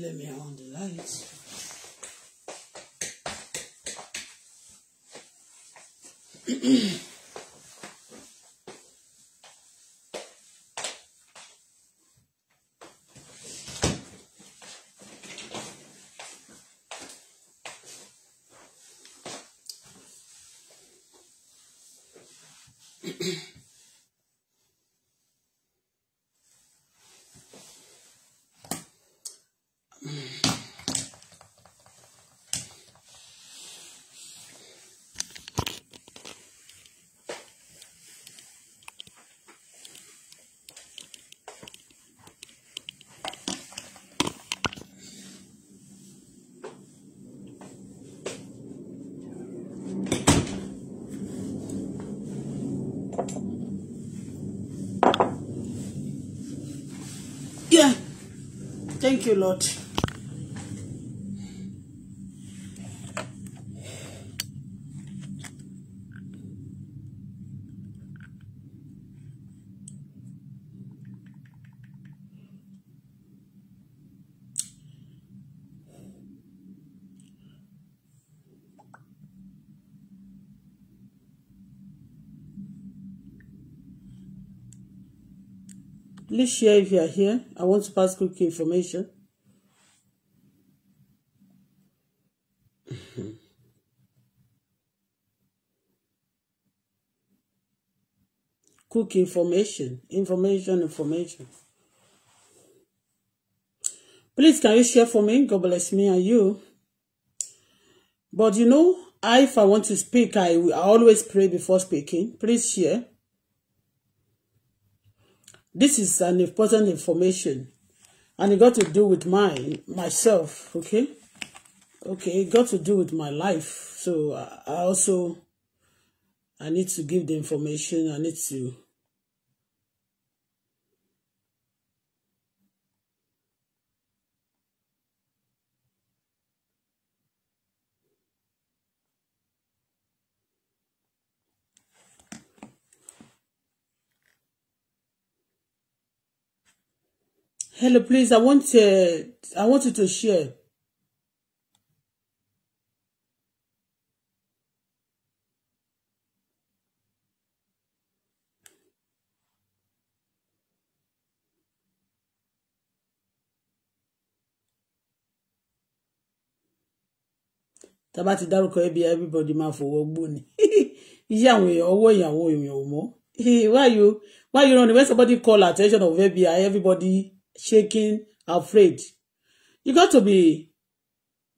Let me on the light. mm Thank you, Lord. Please share if you are here. I want to pass quick information. Cook information, information, information. Please, can you share for me? God bless me and you. But you know, I, if I want to speak, I, will, I always pray before speaking. Please share. This is an important information, and it got to do with my myself. Okay, okay, it got to do with my life. So I also I need to give the information. I need to Hello, please. I want uh, I want you to share. tá bá ti dárúkọ ẹbí everybody máa fọwọ́ gbó ni iye àwọn èèyàn ọwọ́ èèyàn àwọn èèyàn ò mọ́ why you why you run when somebody call attention of FBI everybody shaking, afraid. You got to be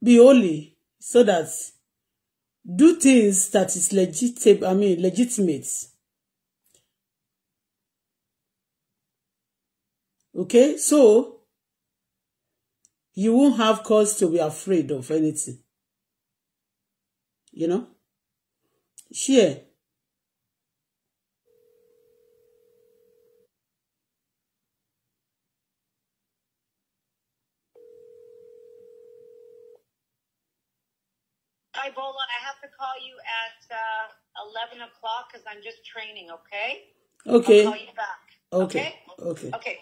be holy so that do things that is legit I mean legitimate. Okay, so you won't have cause to be afraid of anything. You know? Share. Hi, I have to call you at uh, 11 o'clock because I'm just training, okay? Okay. I'll call you back. Okay. Okay. Okay.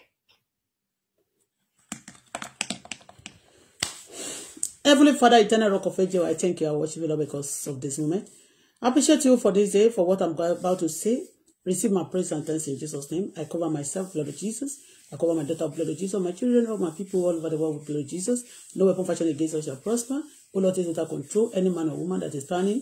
okay. Heavenly Father, eternal rock of ages, I thank you. I worship you, because of this moment. I appreciate you for this day, for what I'm about to say. Receive my praise and thanks in Jesus' name. I cover myself, blood of Jesus. I cover my daughter, blood of Jesus. My children, all my people all over the world with blood of Jesus. No weapon fashioned against us shall prosper. O Lord, take total control. Any man or woman that is planning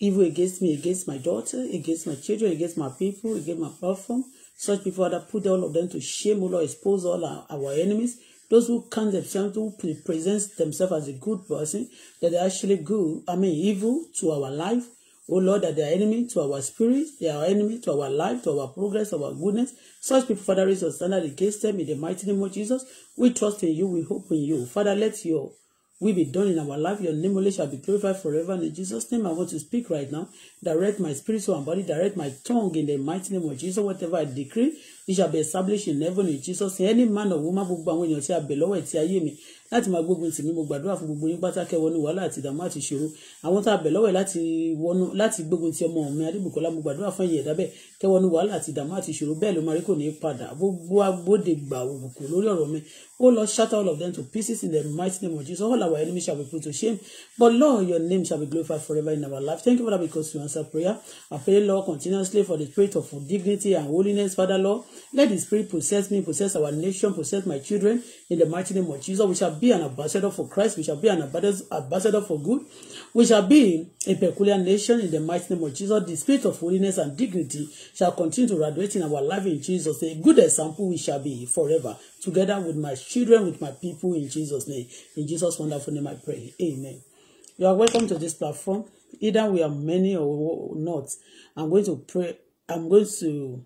evil against me, against my daughter, against my children, against my people, against my platform, such people that put all of them to shame, O Lord, expose all our, our enemies. Those who count themselves, who present themselves as a good person, that they're actually good, I mean evil to our life. O Lord, that they are enemy to our spirit, they are enemy to our life, to our progress, our goodness. Such people, Father, raise your standard against them in the mighty name of Jesus. We trust in you, we hope in you. Father, let your will be done in our life. Your name only shall be glorified forever. in Jesus' name, I want to speak right now. Direct my spirit, soul, and body. Direct my tongue in the mighty name of Jesus. Whatever I decree, it shall be established in heaven in Jesus. Any man or woman, gbogbo àwọn ènìyàn tí a bẹ̀ lọ́wọ́ ẹ̀ tí láti máa gbógun tì mí mo gbàdúrà fún gbogbo yín pátákẹ́ wọnú wàhálà àti ìdààmú àti ìṣòro àwọn tá a bẹ̀ lọ́wọ́ láti wọnú láti gbógun ti ọmọ mi adébùkọ́lá mo gbàdúrà fún ẹ̀yẹ̀ dábẹ́ kẹ́ wọnú wàhálà àti ìdààmú àti ìṣòro bẹ́ẹ̀ ló máa rí kò ní í padà gbogbo agbóde gbà òkùnkùn lórí ọ̀rọ̀ mi ó lọ shatter all of them to pieces in the mighty name of Jesus all our enemies shall be put to shame but Lord your name shall be glorified forever in our life thank you Father because you answer prayer I pray Lord continuously for the spirit of dignity and holiness Father Lord let the spirit possess me possess our nation possess my children in the mighty name of Jesus we shall be an ambassador for Christ. We shall be an ambassador for good. We shall be a peculiar nation in the mighty name of Jesus. The spirit of holiness and dignity shall continue to radiate in our life in Jesus' A good example we shall be forever, together with my children, with my people in Jesus' name. In Jesus' wonderful name I pray. Amen. You are welcome to this platform. Either we are many or not. I'm going to pray. I'm going to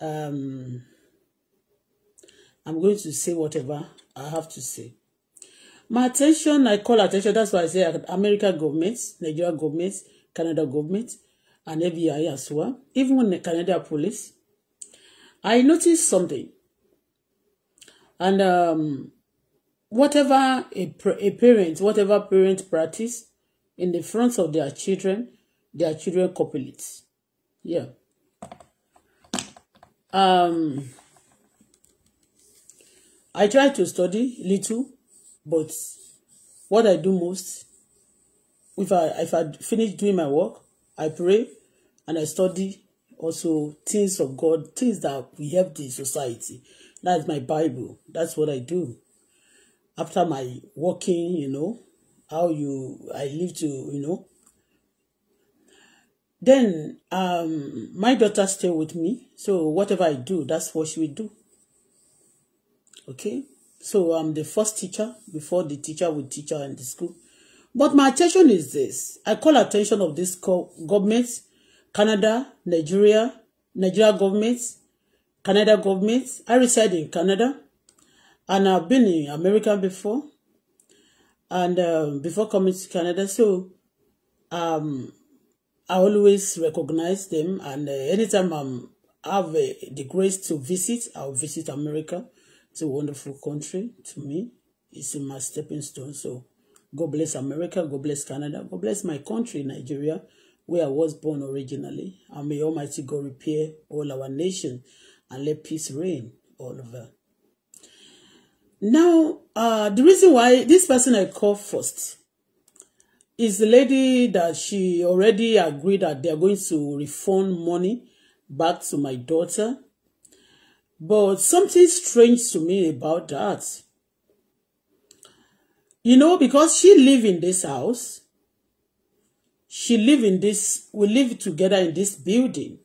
um I'm going to say whatever I have to say. My attention, I call attention, that's why I say American government, Nigerian government, Canada government, and FBI as well, even when the Canada police. I noticed something. And um, whatever a, a parent, whatever parent practice in the front of their children, their children copy it. Yeah. Um, I try to study little, but what I do most, if I if I finish doing my work, I pray and I study also things of God, things that we help the society. That's my Bible. That's what I do. After my working, you know, how you I live to, you know. Then um my daughter stay with me, so whatever I do, that's what she will do. Okay, so I'm the first teacher before the teacher with teacher in the school. But my attention is this. I call attention of this government, Canada, Nigeria, Nigeria government, Canada government. I reside in Canada and I've been in America before and um, before coming to Canada. So um, I always recognize them and uh, anytime I'm have uh, the grace to visit, I'll visit America. It's a wonderful country to me. It's in my stepping stone. So God bless America. God bless Canada. God bless my country, Nigeria, where I was born originally. And may Almighty God repair all our nation and let peace reign all over. Now, uh, the reason why this person I call first is the lady that she already agreed that they are going to refund money back to my daughter But something strange to me about that. You know, because she live in this house. She live in this, we live together in this building.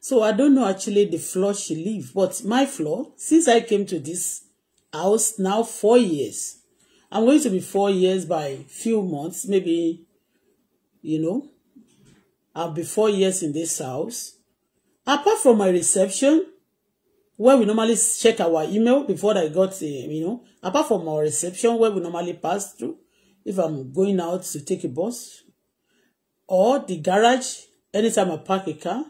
So I don't know actually the floor she live, but my floor, since I came to this house now four years, I'm going to be four years by few months, maybe, you know, I'll be four years in this house. Apart from my reception, where we normally check our email before I got, uh, you know, apart from our reception where we normally pass through, if I'm going out to take a bus, or the garage, anytime I park a car,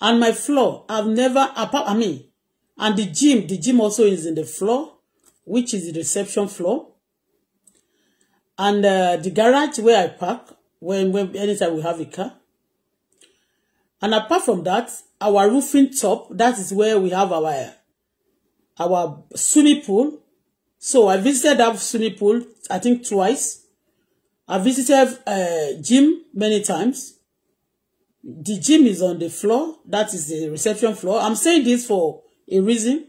and my floor, I've never, apart, I mean, and the gym, the gym also is in the floor, which is the reception floor, and uh, the garage where I park, when, when anytime we have a car, And apart from that, our roofing top, that is where we have our our swimming pool. So I visited that swimming pool, I think twice. I visited a uh, gym many times. The gym is on the floor. That is the reception floor. I'm saying this for a reason.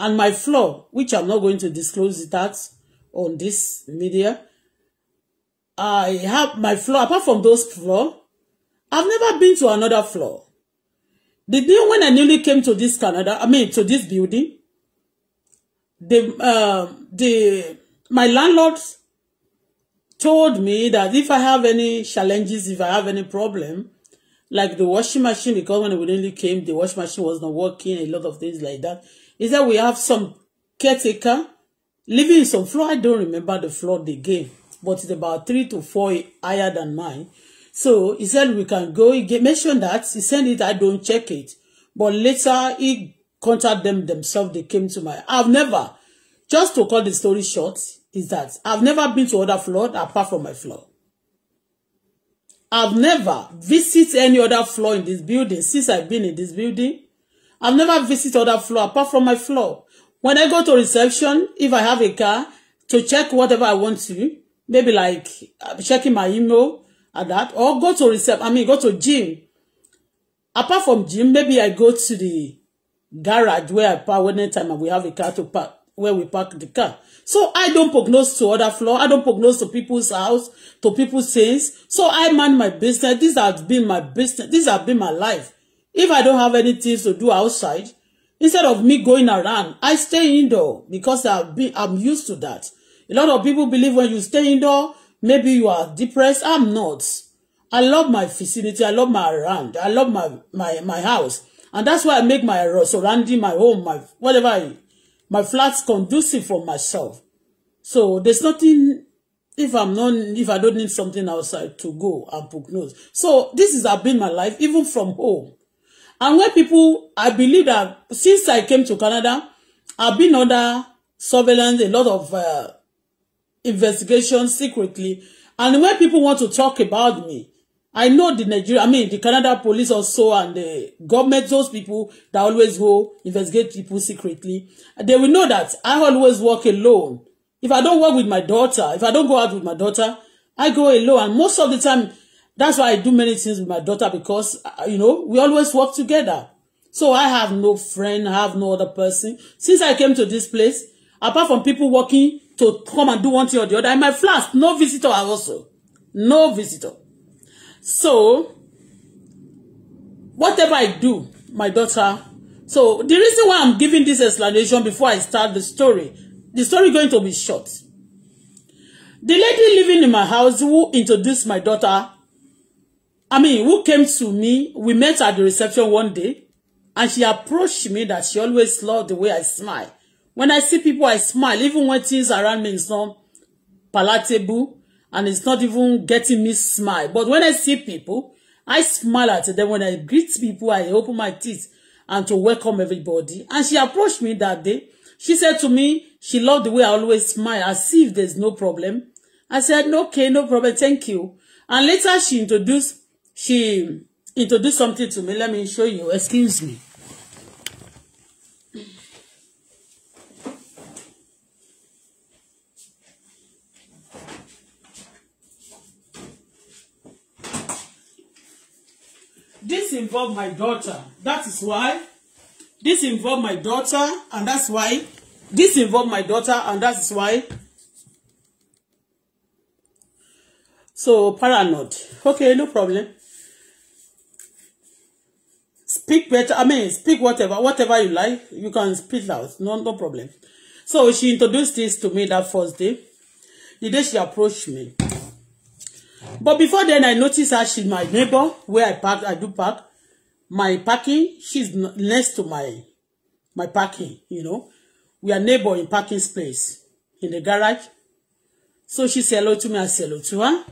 And my floor, which I'm not going to disclose that on this media, I have my floor, apart from those floor, I've never been to another floor. The day when I newly came to this Canada, I mean to this building, the uh, the my landlord told me that if I have any challenges, if I have any problem, like the washing machine, because when we newly came, the washing machine was not working, a lot of things like that. Is that we have some caretaker living in some floor. I don't remember the floor they gave, but it's about three to four higher than mine. So he said we can go. He mentioned that. He said it. I don't check it. But later he contacted them themselves. They came to my. I've never, just to cut the story short, is that I've never been to other floor apart from my floor. I've never visited any other floor in this building since I've been in this building. I've never visited other floor apart from my floor. When I go to reception, if I have a car, to check whatever I want to, maybe like uh, checking my email, at that or go to reserve i mean go to gym apart from gym maybe i go to the garage where i park when time and we have a car to park where we park the car so i don't prognose to other floor i don't prognose to people's house to people's things so i man my business this has been my business this has been my life if i don't have anything to do outside instead of me going around i stay indoor because i've been i'm used to that a lot of people believe when you stay indoor Maybe you are depressed. I'm not. I love my vicinity. I love my around. I love my my my house, and that's why I make my surrounding, my home, my whatever, I, my flats conducive for myself. So there's nothing. If I'm not, if I don't need something outside to go and book notes. So this is has been my life, even from home. And when people, I believe that since I came to Canada, I've been under surveillance, a lot of uh, investigation secretly and when people want to talk about me I know the Nigeria I mean the Canada police also and the government those people that always go investigate people secretly they will know that I always work alone if I don't work with my daughter if I don't go out with my daughter I go alone and most of the time that's why I do many things with my daughter because uh, you know we always work together so I have no friend I have no other person since I came to this place apart from people working to come and do one thing or the other. In my flat, no visitor also. No visitor. So, whatever I do, my daughter. So, the reason why I'm giving this explanation before I start the story, the story going to be short. The lady living in my house who introduced my daughter, I mean, who came to me, we met at the reception one day, and she approached me that she always loved the way I smile. When I see people, I smile, even when things around me is not palatable and it's not even getting me smile. But when I see people, I smile at them. When I greet people, I open my teeth and to welcome everybody. And she approached me that day. She said to me, she loved the way I always smile, I see if there's no problem. I said, okay, no problem, thank you. And later she introduced, she introduced something to me. Let me show you. Excuse me. this involve my daughter that is why this involve my daughter and that's why this involve my daughter and that is why so paranoid okay no problem speak better i mean speak whatever whatever you like you can speak loud no no problem so she introduced this to me that first day the day she approached me But before then, I noticed her, she's my neighbor, where I park, I do park. My parking, she's next to my, my parking, you know. We are neighbor in parking space, in the garage. So she said hello to me, I said hello to her.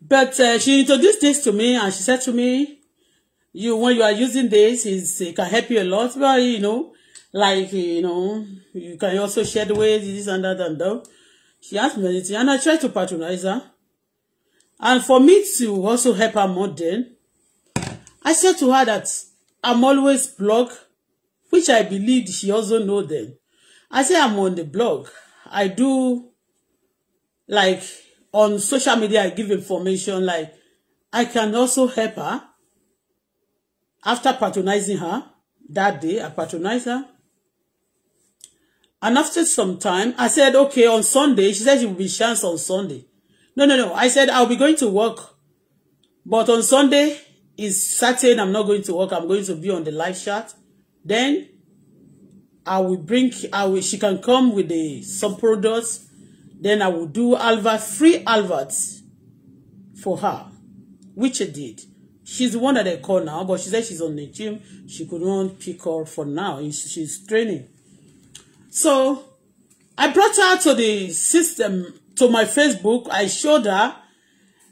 But uh, she introduced this to me, and she said to me, you, when you are using this, it's, it can help you a lot, but, you know, like you know you can also share the way this and that and that she asked me anything and i tried to patronize her And for me to also help her more then, I said to her that I'm always blog, which I believe she also know then. I say I'm on the blog. I do, like, on social media, I give information, like, I can also help her. After patronizing her, that day, I patronized her. And after some time, I said, okay, on Sunday, she said she will be chance on Sunday. No, no, no. I said I'll be going to work. But on Sunday is Saturday. I'm not going to work. I'm going to be on the live chat. Then I will bring, I will, she can come with the some products. Then I will do Alva, free Alverts for her, which I did. She's the one that I call now, but she said she's on the gym. She couldn't pick her for now. She's training. So I brought her to the system to my Facebook. I showed her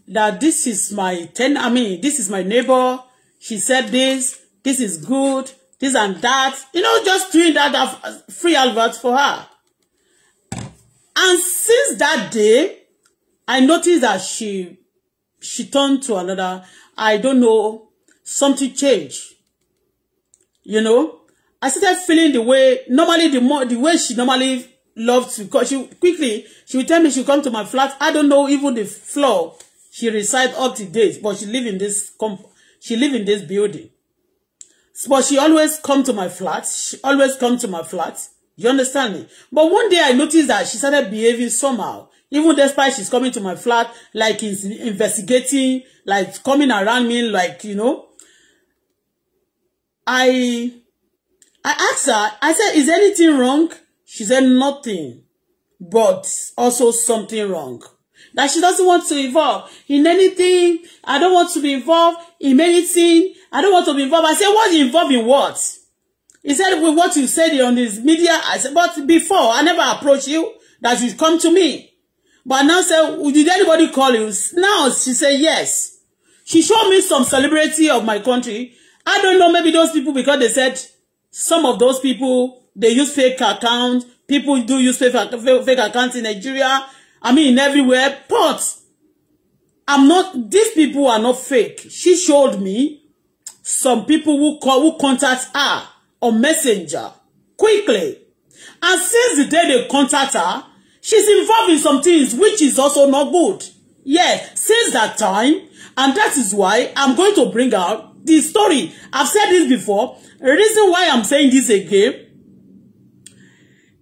that this is my ten. I mean, this is my neighbor. She said this. This is good. This and that. You know, just doing that free advert for her. And since that day, I noticed that she she turned to another. I don't know. Something changed. You know, I started feeling the way normally the more the way she normally love to call. She quickly, she will tell me she'll come to my flat. I don't know even the floor she resides up to date, but she live in this comp she live in this building. But she always come to my flat. She always come to my flat. You understand me? But one day I noticed that she started behaving somehow. Even despite she's coming to my flat, like is investigating, like coming around me, like, you know. I I asked her, I said, is anything wrong? She said nothing, but also something wrong. That she doesn't want to involve in anything. I don't want to be involved in anything. I don't want to be involved. I said, what involve in what? He said, with what you said on this media, I said, but before, I never approached you that you come to me. But now said, did anybody call you? Now she said, yes. She showed me some celebrity of my country. I don't know, maybe those people, because they said some of those people They use fake accounts. People do use fake, fake accounts in Nigeria. I mean, in everywhere. But I'm not, these people are not fake. She showed me some people who call, who contact her on Messenger quickly. And since the day they contact her, she's involved in some things which is also not good. Yes, since that time, and that is why I'm going to bring out the story. I've said this before. The reason why I'm saying this again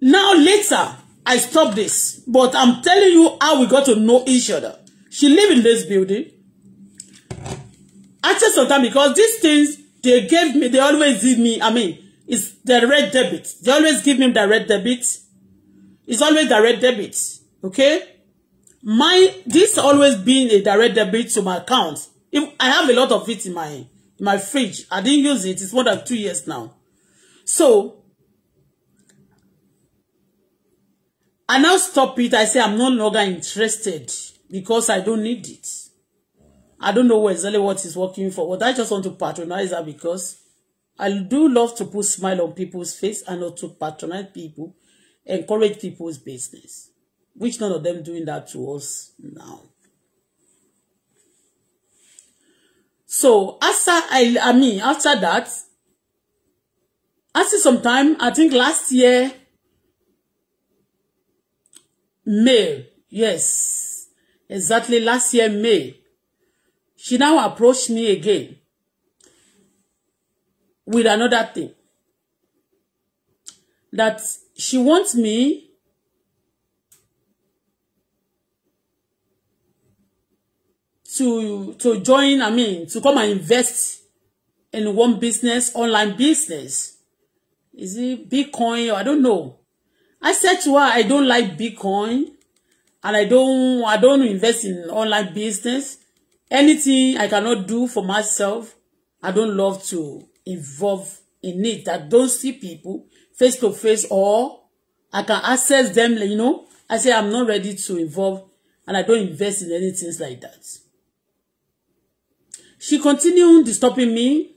Now later, I stop this, but I'm telling you how we got to know each other. She live in this building. After some time, because these things, they gave me, they always give me, I mean, it's direct debit. They always give me direct debit. It's always direct debit, okay? My, this always been a direct debit to my account. If, I have a lot of it in my, in my fridge. I didn't use it. It's more than two years now. So, I now stop it. I say I'm no longer interested because I don't need it. I don't know exactly what is working for, but I just want to patronize her because I do love to put smile on people's face and not to patronize people, encourage people's business, which none of them doing that to us now. So after I, I mean, after that, after some time, I think last year, May, yes, exactly last year, May, she now approached me again with another thing that she wants me to to join i mean to come and invest in one business online business is it bitcoin or i don't know I said to her, I don't like Bitcoin and I don't I don't invest in online business. Anything I cannot do for myself, I don't love to involve in it. I don't see people face to face or I can access them, you know. I say I'm not ready to involve and I don't invest in anything like that. She continued disturbing me,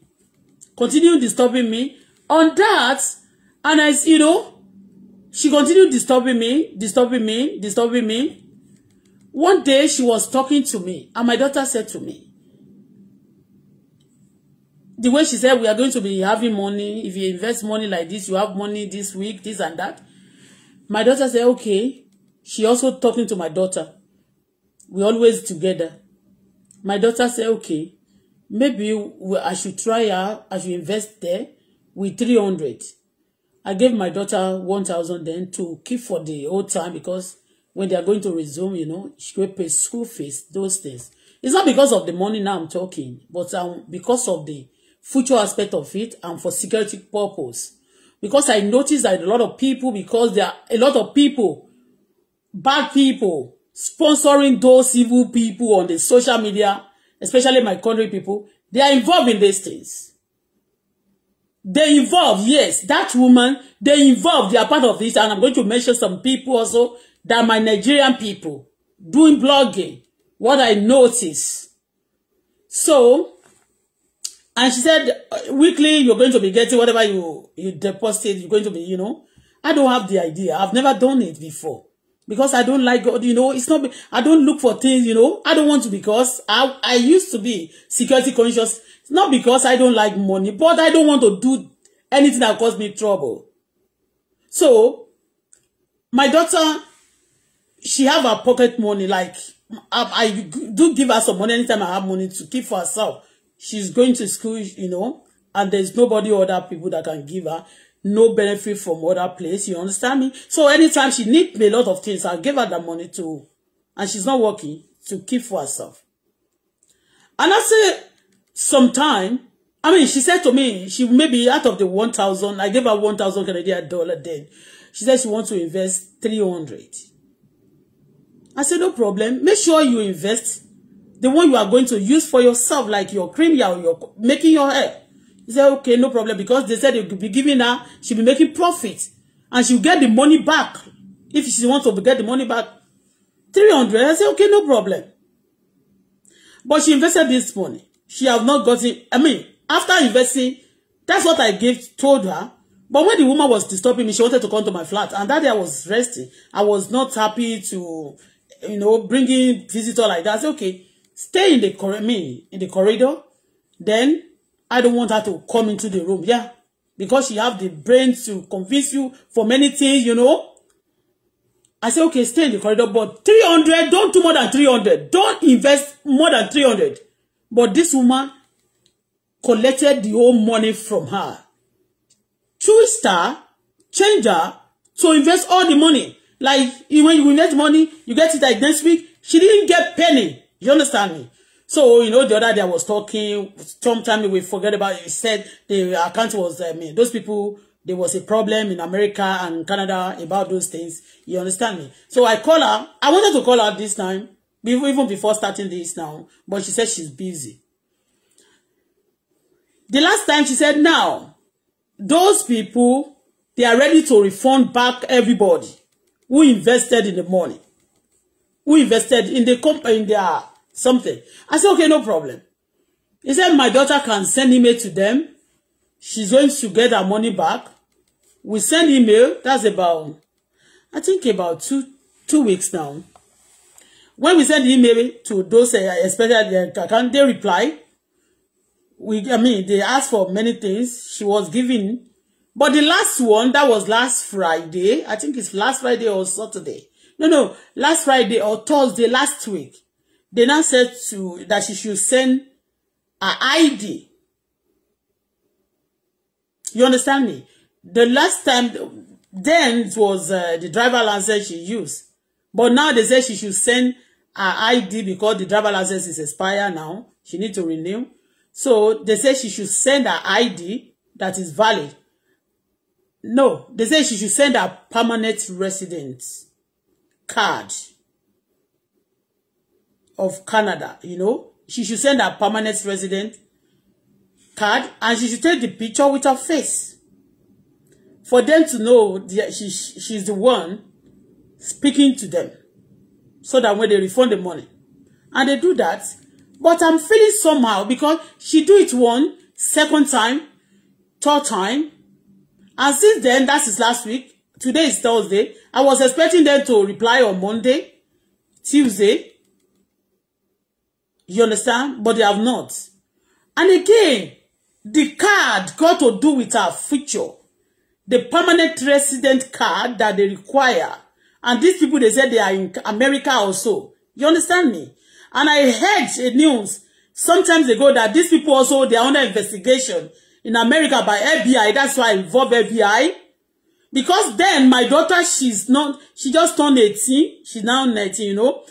continued disturbing me on that, and I, you know, she continued disturbing me, disturbing me, disturbing me. One day she was talking to me, and my daughter said to me, the way she said, we are going to be having money. If you invest money like this, you have money this week, this and that. My daughter said, okay. She also talking to my daughter. We always together. My daughter said, okay, maybe I should try her, I should invest there with 300. I gave my daughter 1,000 then to keep for the whole time because when they are going to resume, you know, she will pay school fees, those things. It's not because of the money now I'm talking, but um, because of the future aspect of it and for security purpose. Because I noticed that a lot of people, because there are a lot of people, bad people, sponsoring those evil people on the social media, especially my country people, they are involved in these things they involve yes that woman they involve they are part of this, and i'm going to mention some people also that my nigerian people doing blogging what i notice so and she said uh, weekly you're going to be getting whatever you you deposited you're going to be you know i don't have the idea i've never done it before because I don't like God, you know, it's not, I don't look for things, you know, I don't want to because I, I used to be security conscious, it's not because I don't like money, but I don't want to do anything that cause me trouble. So, my daughter, she have her pocket money, like, I, I do give her some money anytime I have money to keep for herself. She's going to school, you know, and there's nobody other people that can give her no benefit from other place you understand me so anytime she need a lot of things i give her the money to and she's not working to keep for herself and i say sometime i mean she said to me she maybe out of the 1000 i gave her 1000 canadian dollar then she said she wants to invest 300 i said no problem make sure you invest the one you are going to use for yourself like your cream your your making your hair He said, okay, no problem, because they said they'll be giving her, she'll be making profit, and she'll get the money back if she wants to get the money back. 300. I said, okay, no problem. But she invested this money. She have not gotten, I mean, after investing, that's what I gave, told her. But when the woman was disturbing me, she wanted to come to my flat. And that day I was resting. I was not happy to, you know, bringing visitor like that. I said, okay, stay in the corridor, me, in the corridor. Then I don't want her to come into the room. Yeah. Because she have the brain to convince you for many things, you know. I say, okay, stay in the corridor, but 300, don't do more than 300. Don't invest more than 300. But this woman collected the whole money from her. Twist her, change her to invest all the money. Like, when you invest money, you get it like next week. She didn't get penny. You understand me? So, you know, the other day I was talking, sometime we forget about it. He said the account was, I um, mean, those people, there was a problem in America and Canada about those things. You understand me? So I call her. I wanted to call her this time, even before starting this now, but she said she's busy. The last time she said, now, those people, they are ready to refund back everybody who invested in the money, who invested in the company, in their something. I said, okay, no problem. He said, my daughter can send email to them. She's going to get her money back. We send email. That's about, I think about two, two weeks now. When we send email to those, uh, especially the account, they reply. We, I mean, they asked for many things. She was giving, But the last one, that was last Friday. I think it's last Friday or Saturday. No, no, last Friday or Thursday last week. They now said to that she should send her ID. You understand me? The last time, then it was uh, the driver license she used. But now they say she should send her ID because the driver license is expired now. She need to renew. So they say she should send her ID that is valid. No, they say she should send her permanent residence card of Canada, you know. She should send her permanent resident card and she should take the picture with her face for them to know the, she, she's the one speaking to them so that when they refund the money. And they do that. But I'm feeling somehow because she do it one, second time, third time. And since then, that is last week. Today is Thursday. I was expecting them to reply on Monday, Tuesday, You understand? But they have not. And again, the card got to do with our future. The permanent resident card that they require. And these people, they said they are in America also. You understand me? And I heard a news sometimes ago that these people also, they are under investigation in America by FBI. That's why I involve FBI. Because then my daughter, she's not, she just turned 18. She's now 19, you know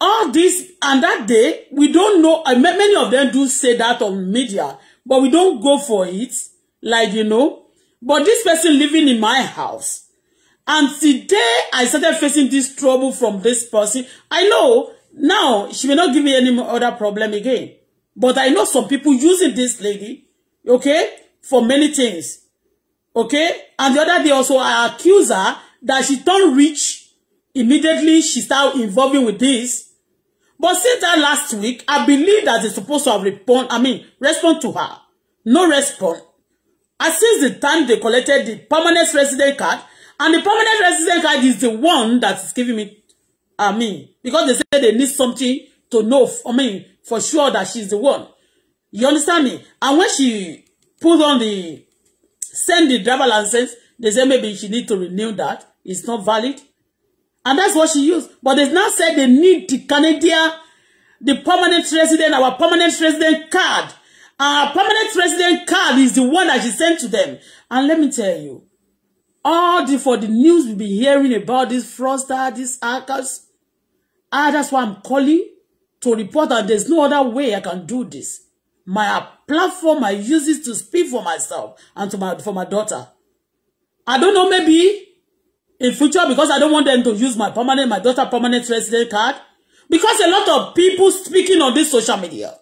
all this and that day we don't know many of them do say that on media but we don't go for it like you know but this person living in my house and today I started facing this trouble from this person I know now she may not give me any other problem again but I know some people using this lady okay for many things okay and the other day also I accuse her that she turned rich immediately she start involving with this But since that last week, I believe that he's supposed to have respond, I mean, respond to her. No respond. And since the time they collected the permanent resident card, and the permanent resident card is the one that is giving me, I mean, because they say they need something to know, I mean, for sure that she's the one. You understand me? And when she put on the, send the driver license, they say maybe she need to renew that. It's not valid. And that's what she used. But they now said they need the Canadian, the permanent resident, our permanent resident card. Our permanent resident card is the one that she sent to them. And let me tell you, all the for the news we've been hearing about this fraudster, this hackers. Ah, that's why I'm calling to report that there's no other way I can do this. My platform I use it to speak for myself and to my for my daughter. I don't know, maybe in future because I don't want them to use my permanent, my daughter permanent resident card. Because a lot of people speaking on this social media.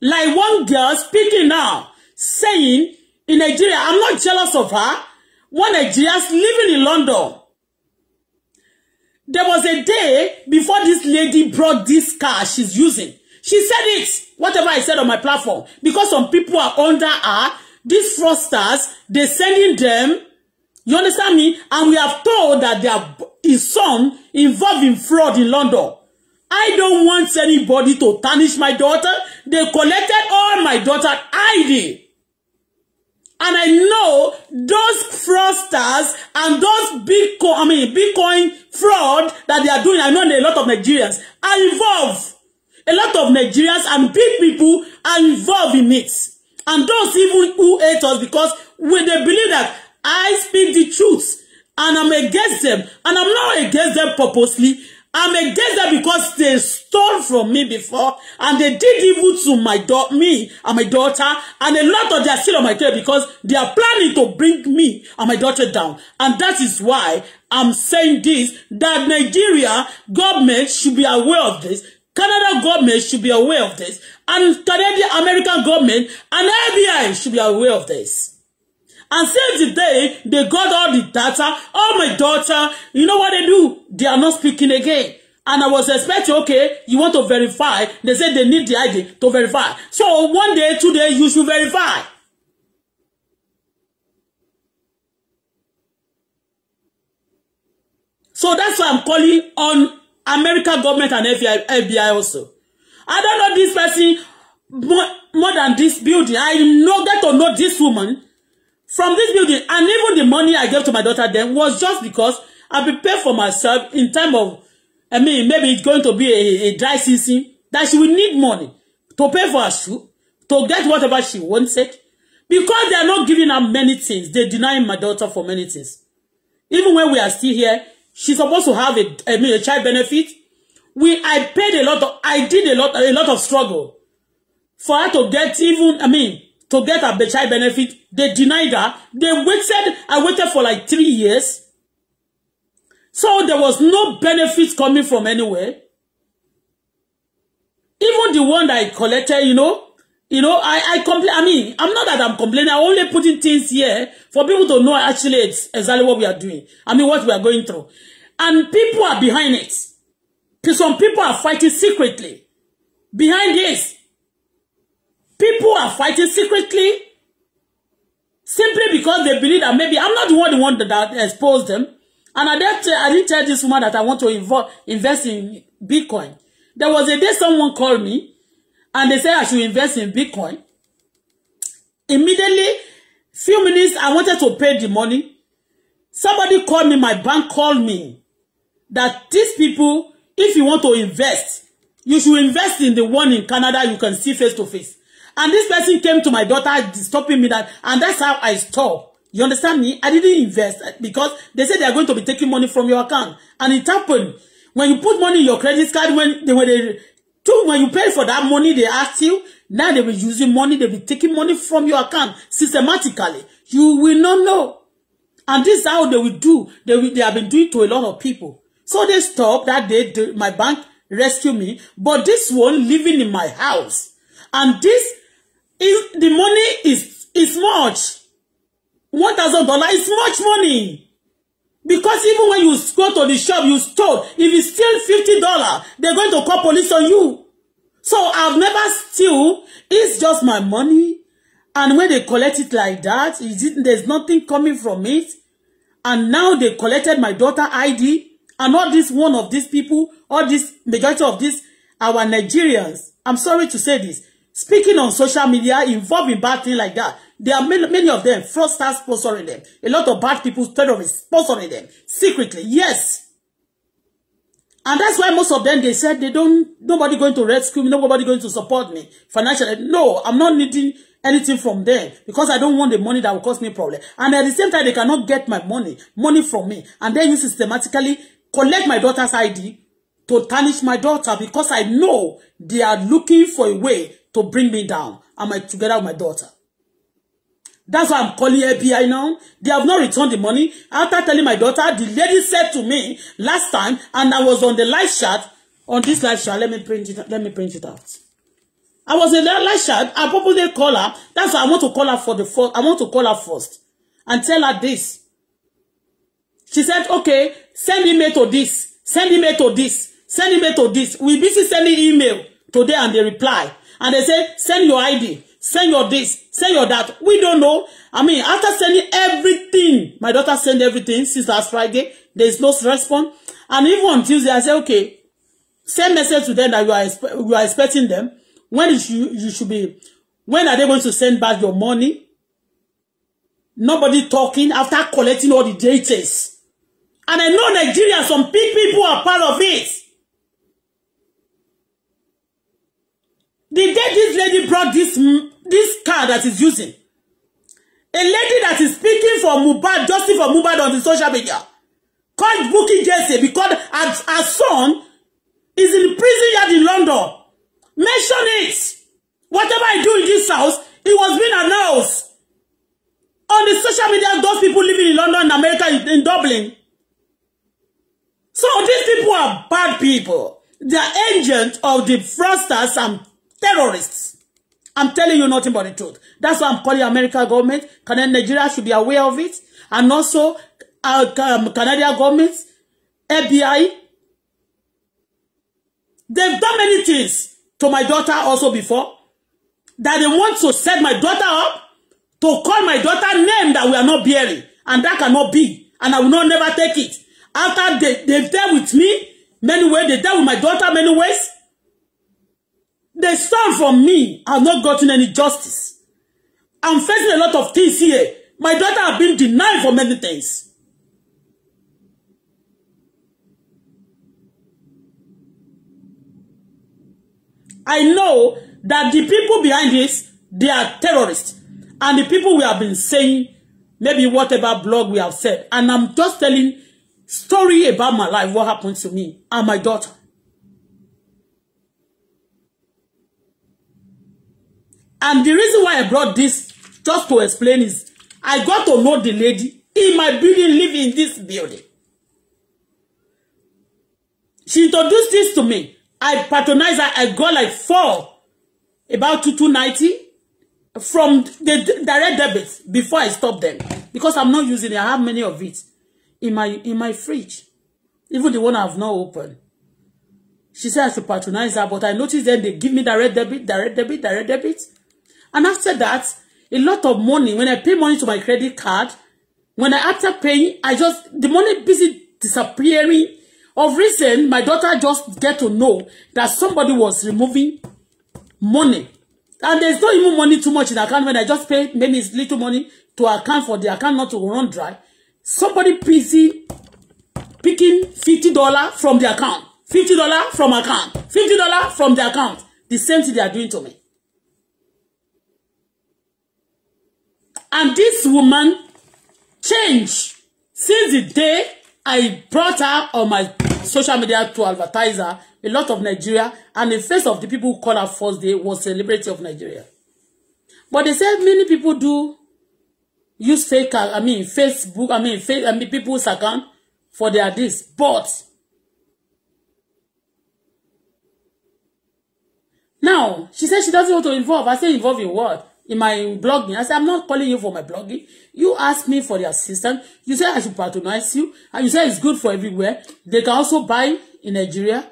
Like one girl speaking now, saying in Nigeria, I'm not jealous of her. One Nigerian's living in London. There was a day before this lady brought this car she's using. She said it, whatever I said on my platform. Because some people are under her, these fraudsters, they're sending them You understand me? And we have told that there is some involved in fraud in London. I don't want anybody to tarnish my daughter. They collected all my daughter ID. And I know those fraudsters and those Bitcoin, I mean, Bitcoin fraud that they are doing. I know a lot of Nigerians are involved. A lot of Nigerians and big people are involved in it. And those even who hate us because when they believe that I speak the truth and I'm against them. And I'm not against them purposely. I'm against them because they stole from me before and they did evil to my da me and my daughter and a lot of their still on my tail because they are planning to bring me and my daughter down. And that is why I'm saying this, that Nigeria government should be aware of this. Canada government should be aware of this. And Canadian American government and FBI should be aware of this. And since the day they got all the data, all oh, my daughter, you know what they do? They are not speaking again. And I was expecting, okay, you want to verify. They said they need the ID to verify. So one day, two days, you should verify. So that's why I'm calling on America government and FBI, FBI also. I don't know this person more, more than this building. I know, get to know this woman from this building and even the money I gave to my daughter then was just because I prepared for myself in time of I mean maybe it's going to be a, a dry season that she will need money to pay for her shoe to get whatever she wanted because they are not giving her many things they denying my daughter for many things even when we are still here she's supposed to have a I mean a child benefit we I paid a lot of I did a lot a lot of struggle for her to get even I mean to get a child benefit. They denied her. They waited. I waited for like three years. So there was no benefit coming from anywhere. Even the one that I collected, you know, you know, I, I complain. I mean, I'm not that I'm complaining. I'm only putting things here for people to know actually it's exactly what we are doing. I mean, what we are going through. And people are behind it. Some people are fighting secretly behind this People are fighting secretly simply because they believe that maybe I'm not the one the one that, that exposed them. And I didn't, tell, I didn't tell this woman that I want to invo- invest in Bitcoin. There was a day someone called me and they said I should invest in Bitcoin. Immediately, few minutes, I wanted to pay the money. Somebody called me, my bank called me that these people, if you want to invest, you should invest in the one in Canada you can see face to face. And this person came to my daughter stopping me that, and that's how I stop. You understand me? I didn't invest uh, because they said they are going to be taking money from your account. And it happened. When you put money in your credit card, when they, were they too, when you pay for that money, they asked you, now they will using money, they will be taking money from your account systematically. You will not know. And this is how they will do. They, will, they have been doing to a lot of people. So they stopped that day. The, my bank rescued me. But this one living in my house. And this If the money is is much. One thousand dollar is much money. Because even when you go to the shop, you stole. If you steal fifty dollar, they're going to call police on you. So I've never steal. It's just my money. And when they collect it like that, is it, there's nothing coming from it. And now they collected my daughter ID. And all this one of these people, all this majority of this our Nigerians. I'm sorry to say this speaking on social media involved in bad things like that. There are many, many of them fraudsters sponsoring them. A lot of bad people, terrorists sponsoring them secretly. Yes. And that's why most of them, they said they don't, nobody going to rescue me, nobody going to support me financially. No, I'm not needing anything from them because I don't want the money that will cause me problem. And at the same time, they cannot get my money, money from me. And then you systematically collect my daughter's ID to tarnish my daughter because I know they are looking for a way to bring me down and my together with my daughter. That's why I'm calling FBI now. They have not returned the money. After telling my daughter, the lady said to me last time, and I was on the live chat. On this live chat, let me print it. Let me print it out. I was in the live chat. I probably call her. That's why I want to call her for the first. I want to call her first and tell her this. She said, "Okay, send email to this. Send email to this. Send email to this. We busy sending email today, and they reply." and they say send your ID send your this send your that we don't know I mean after sending everything my daughter send everything since last Friday there is no response and even on Tuesday I say okay send message to them that you are you are expecting them when you you should be when are they going to send back your money nobody talking after collecting all the data and I know Nigeria some big people are part of it The day this lady brought this, this car that is using, a lady that is speaking for Mubad, justice for Mubad on the social media, called Bukky Jesse because her, her son is in prison yard in London. Mention it. Whatever I do in this house, it was being announced on the social media. Those people living in London, in America, in, in Dublin. So these people are bad people. They are agents of the fraudsters and terrorists. I'm telling you nothing but the truth. That's why I'm calling America government. Canadian Nigeria should be aware of it. And also, uh, um, Canadian government, FBI. They've done many things to my daughter also before. That they want to set my daughter up to call my daughter name that we are not bearing. And that cannot be. And I will not never take it. After they, they've dealt with me many ways, they dealt with my daughter many ways. They stand for me. have not gotten any justice. I'm facing a lot of things here. My daughter have been denied for many things. I know that the people behind this, they are terrorists. And the people we have been saying, maybe whatever blog we have said. And I'm just telling story about my life, what happened to me and my daughter. And the reason why I brought this, just to explain, is I got to know the lady in my building, live in this building. She introduced this to me. I patronized her. I got like four, about two two ninety, from the direct debit before I stopped them. Because I'm not using it. I have many of it in my in my fridge. Even the one I've not opened. She said I should patronize her, but I noticed then they give me direct debit, direct debit, direct debit. And after that, a lot of money, when I pay money to my credit card, when I after paying, I just, the money busy disappearing. Of reason, my daughter just get to know that somebody was removing money. And there's not even money too much in the account when I just pay, maybe it's little money to account for the account not to run dry. Somebody busy picking $50 from the account, $50 from account, $50 from the account. The same thing they are doing to me. And this woman changed since the day I brought her on my social media to advertise her. A lot of Nigeria and the face of the people who call her first day was celebrity of Nigeria. But they said many people do use fake, I mean, Facebook, I mean, fake, I mean, people's account for their this. But now she said she doesn't want to involve. I say involve in what? in my blogging. I said, I'm not calling you for my blogging. You asked me for the assistant. You said I should patronize you. And you said it's good for everywhere. They can also buy in Nigeria.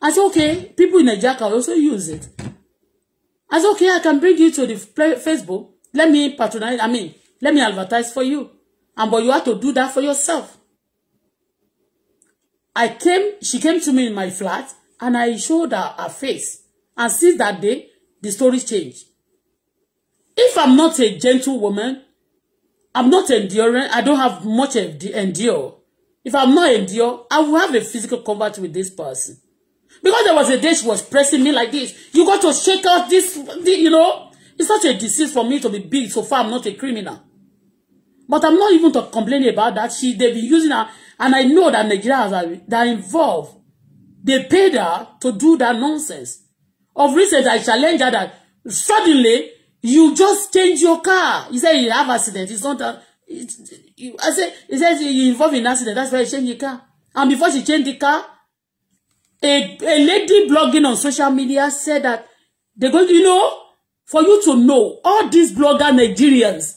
I said, okay, people in Nigeria can also use it. I said, okay, I can bring you to the Facebook. Let me patronize, I mean, let me advertise for you. And but you have to do that for yourself. I came, she came to me in my flat and I showed her her face. And since that day, the story changed. If I'm not a gentle woman, I'm not enduring, I don't have much of endure. If I'm not endure, I will have a physical combat with this person. Because there was a day she was pressing me like this. You got to shake out this, this you know. It's such a disease for me to be big so far I'm not a criminal. But I'm not even to complain about that. She, they've been using her, and I know that Nigeria are, are involved. They paid her to do that nonsense. Of recent, I challenged her that suddenly you just change your car he said he have accident it's not a it, it, i said he says he involved in accident that's why he changed the car and before she changed the car a a lady blogging on social media said that they go you know for you to know all these blogger Nigerians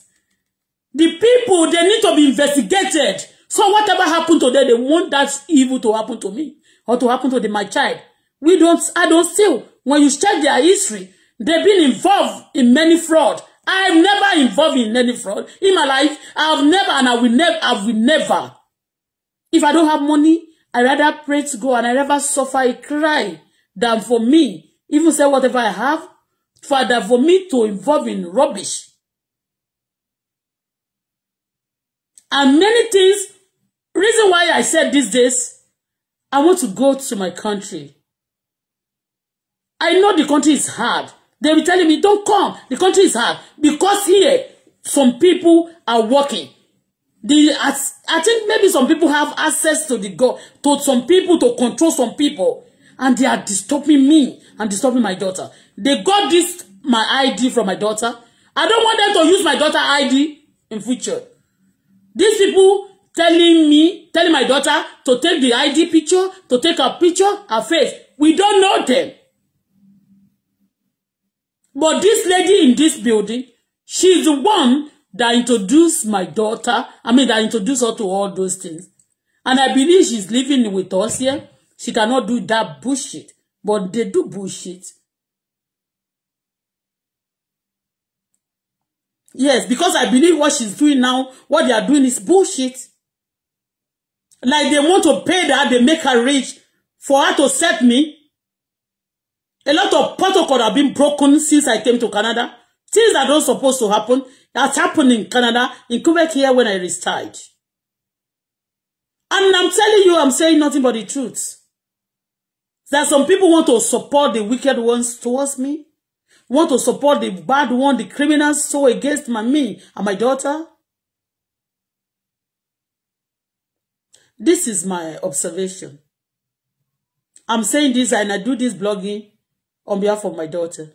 the people they need to be investigated so whatever happened to them they want that evil to happen to me or to happen to the, my child we don't I don't see when you check their history They've been involved in many fraud. I've never involved in any fraud in my life. I've never and I will never, I will never. If I don't have money, I rather pray to God and I rather suffer a cry than for me, even say whatever I have, Father, for me to involve in rubbish. And many things, reason why I said these days, I want to go to my country. I know the country is hard. They be telling me, don't come. The country is hard. Because here, some people are working. The, as, I think maybe some people have access to the God, to some people, to control some people. And they are disturbing me and disturbing my daughter. They got this, my ID from my daughter. I don't want them to use my daughter ID in future. These people telling me, telling my daughter to take the ID picture, to take her picture, her face. We don't know them. But this lady in this building, she's the one that introduced my daughter. I mean, that introduced her to all those things. And I believe she's living with us here. She cannot do that bullshit. But they do bullshit. Yes, because I believe what she's doing now, what they are doing is bullshit. Like they want to pay that, they make her rich. For her to set me, A lot of protocol have been broken since I came to Canada. Things that don't supposed to happen, that's happened in Canada, in Quebec here when I retired. And I'm telling you, I'm saying nothing but the truth. That some people want to support the wicked ones towards me, want to support the bad one, the criminals, so against my me and my daughter. This is my observation. I'm saying this and I do this blogging on behalf of my daughter.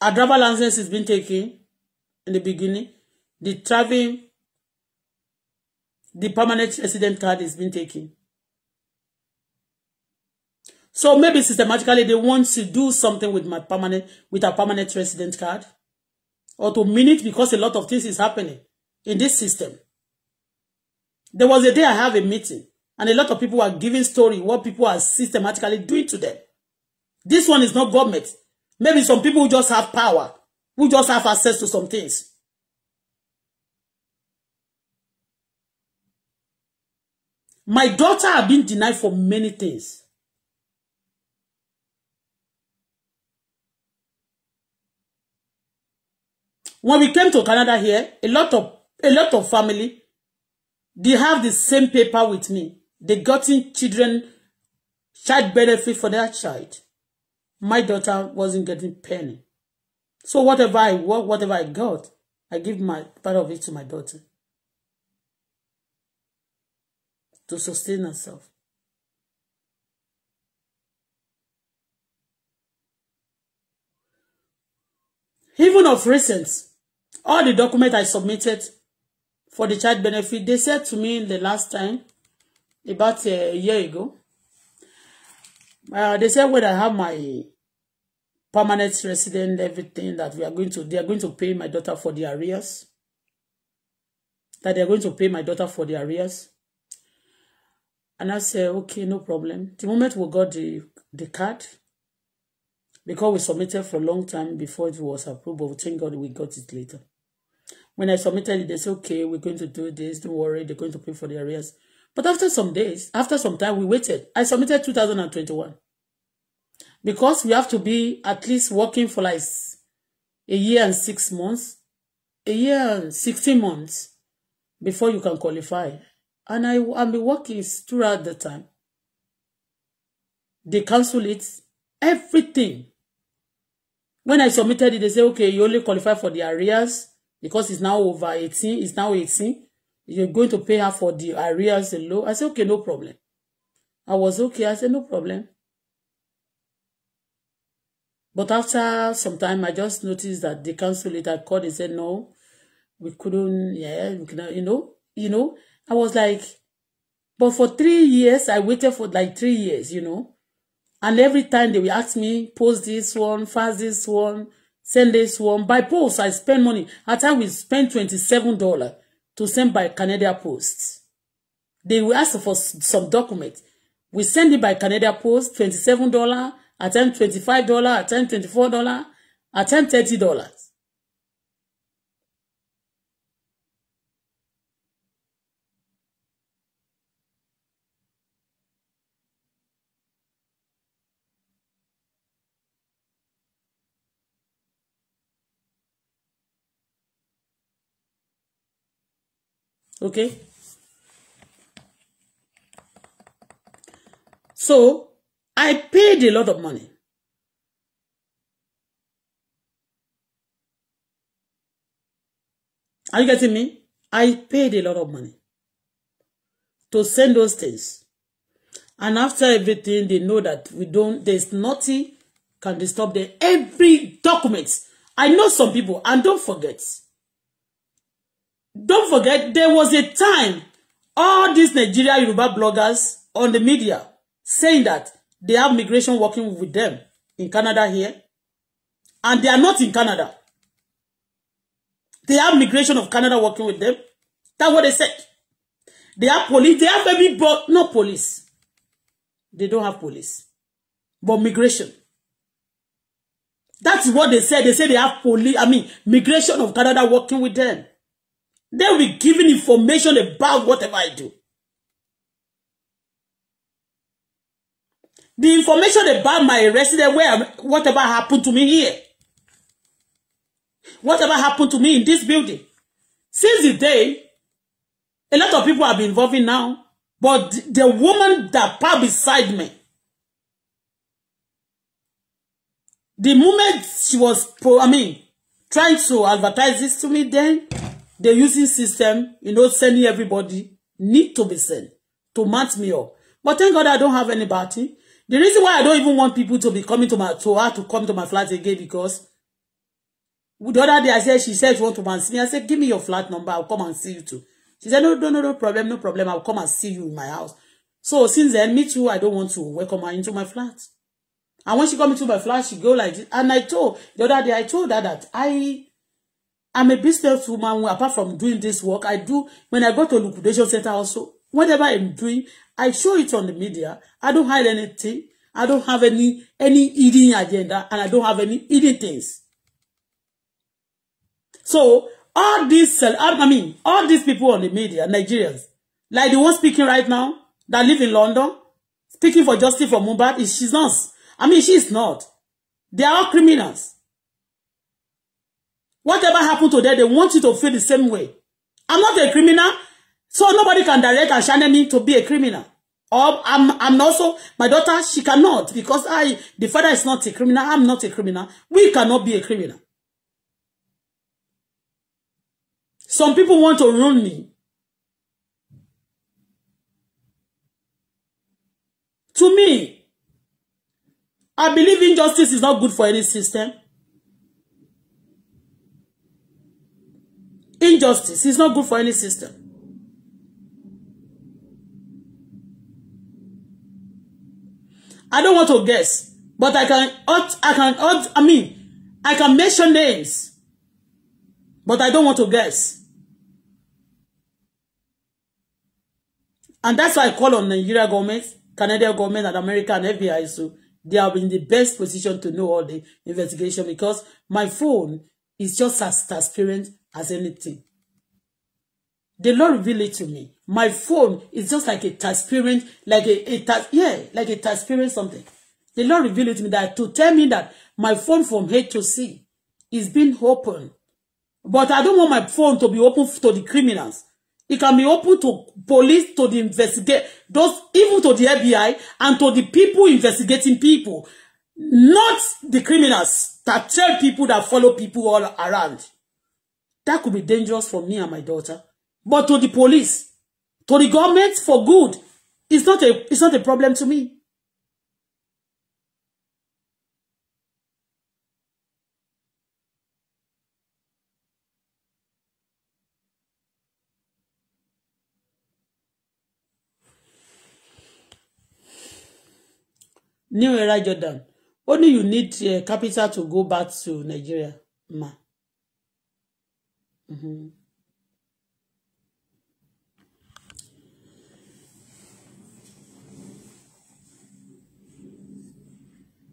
a driver license has been taken in the beginning. The traveling, the permanent resident card has been taken. So maybe systematically they want to do something with my permanent, with a permanent resident card. Or to minute because a lot of things is happening in this system. There was a day I have a meeting And a lot of people are giving story what people are systematically doing to them. This one is not government. Maybe some people who just have power, who just have access to some things. My daughter have been denied for many things. When we came to Canada here, a lot of a lot of family, they have the same paper with me. They gotten children, child benefit for their child. My daughter wasn't getting penny. So whatever I work, whatever I got, I give my part of it to my daughter. To sustain herself. Even of recent, all the documents I submitted for the child benefit, they said to me the last time, about uh, a year ago. Uh, they said when I have my permanent resident, everything that we are going to, they are going to pay my daughter for the arrears. That they are going to pay my daughter for the arrears. And I said, okay, no problem. The moment we got the, the card, because we submitted for a long time before it was approved, but thank God we got it later. When I submitted it, they said, okay, we're going to do this, don't worry, they're going to pay for the arrears. But after some days, after some time, we waited. I submitted 2021 because we have to be at least working for like a year and six months, a year and 16 months before you can qualify. And I, I've been working throughout the time. They cancel it, everything. When I submitted it, they say, okay, you only qualify for the arrears because it's now over 18, it's now 18 you're going to pay her for the arrears and low. I said, okay, no problem. I was okay. I said, no problem. But after some time, I just noticed that the council later called and said, no, we couldn't, yeah, we cannot, you know, you know. I was like, but for three years, I waited for like three years, you know. And every time they will ask me, post this one, fast this one, send this one. By post, I spend money. At time, we spend $27 to send by Canada Post. They will ask for some document. We send it by Canada Post, $27, at times $25, at times $24, at times $30. okay so i paid a lot of money are you getting me i paid a lot of money to send those things and after everything they know that we don't there's nothing can disturb them every document i know some people and don't forget Don't forget, there was a time all these Nigeria Yoruba bloggers on the media saying that they have migration working with them in Canada here, and they are not in Canada. They have migration of Canada working with them. That's what they said. They have police. They have but No police. They don't have police. But migration. That's what they said. They say they have police. I mean, migration of Canada working with them. They will be giving information about whatever I do. The information about my residence where whatever happened to me here, whatever happened to me in this building, since the day, a lot of people have been involved now, but the woman that passed beside me, the moment she was I mean, trying to advertise this to me then, The using system, you know, sending everybody need to be sent to match me up. But thank God I don't have anybody. The reason why I don't even want people to be coming to my to her to come to my flat again because the other day I said she said she want to come see me. I said, give me your flat number, I'll come and see you too. She said, no, no, no, no problem, no problem. I'll come and see you in my house. So since then, me too, I don't want to welcome her into my flat. And when she comes into my flat, she go like this. And I told the other day, I told her that I I'm a business woman apart from doing this work I do when I go to liquidation center also whatever I'm doing I show it on the media I don't hide anything I don't have any any hidden agenda and I don't have any hidden things so all these I mean all these people on the media Nigerians like the one speaking right now that live in London speaking for justice for Mohbad is she's not I mean she's not they are all criminals Whatever happened to them, they want you to feel the same way. I'm not a criminal, so nobody can direct and channel me to be a criminal. Or I'm I'm also my daughter, she cannot because I the father is not a criminal, I'm not a criminal. We cannot be a criminal. Some people want to ruin me. To me, I believe injustice is not good for any system. Injustice is not good for any system. I don't want to guess, but I can, I can, I mean, I can mention names, but I don't want to guess. And that's why I call on Nigeria government, Canadian government, and American FBI. So they are in the best position to know all the investigation because my phone is just as transparent as anything. The Lord revealed it to me. My phone is just like a transparent, like a, a yeah, like a transparent something. The Lord revealed it to me that to tell me that my phone from A to C is being open, But I don't want my phone to be open to the criminals. It can be open to police, to the investigate, those even to the FBI and to the people investigating people, not the criminals that tell people that follow people all around. That could be dangerous for me and my daughter. But to the police, to the government for good, it's not a, it's not a problem to me. New Era Jordan. Only you need uh, capital to go back to Nigeria, ma. Mm-hmm.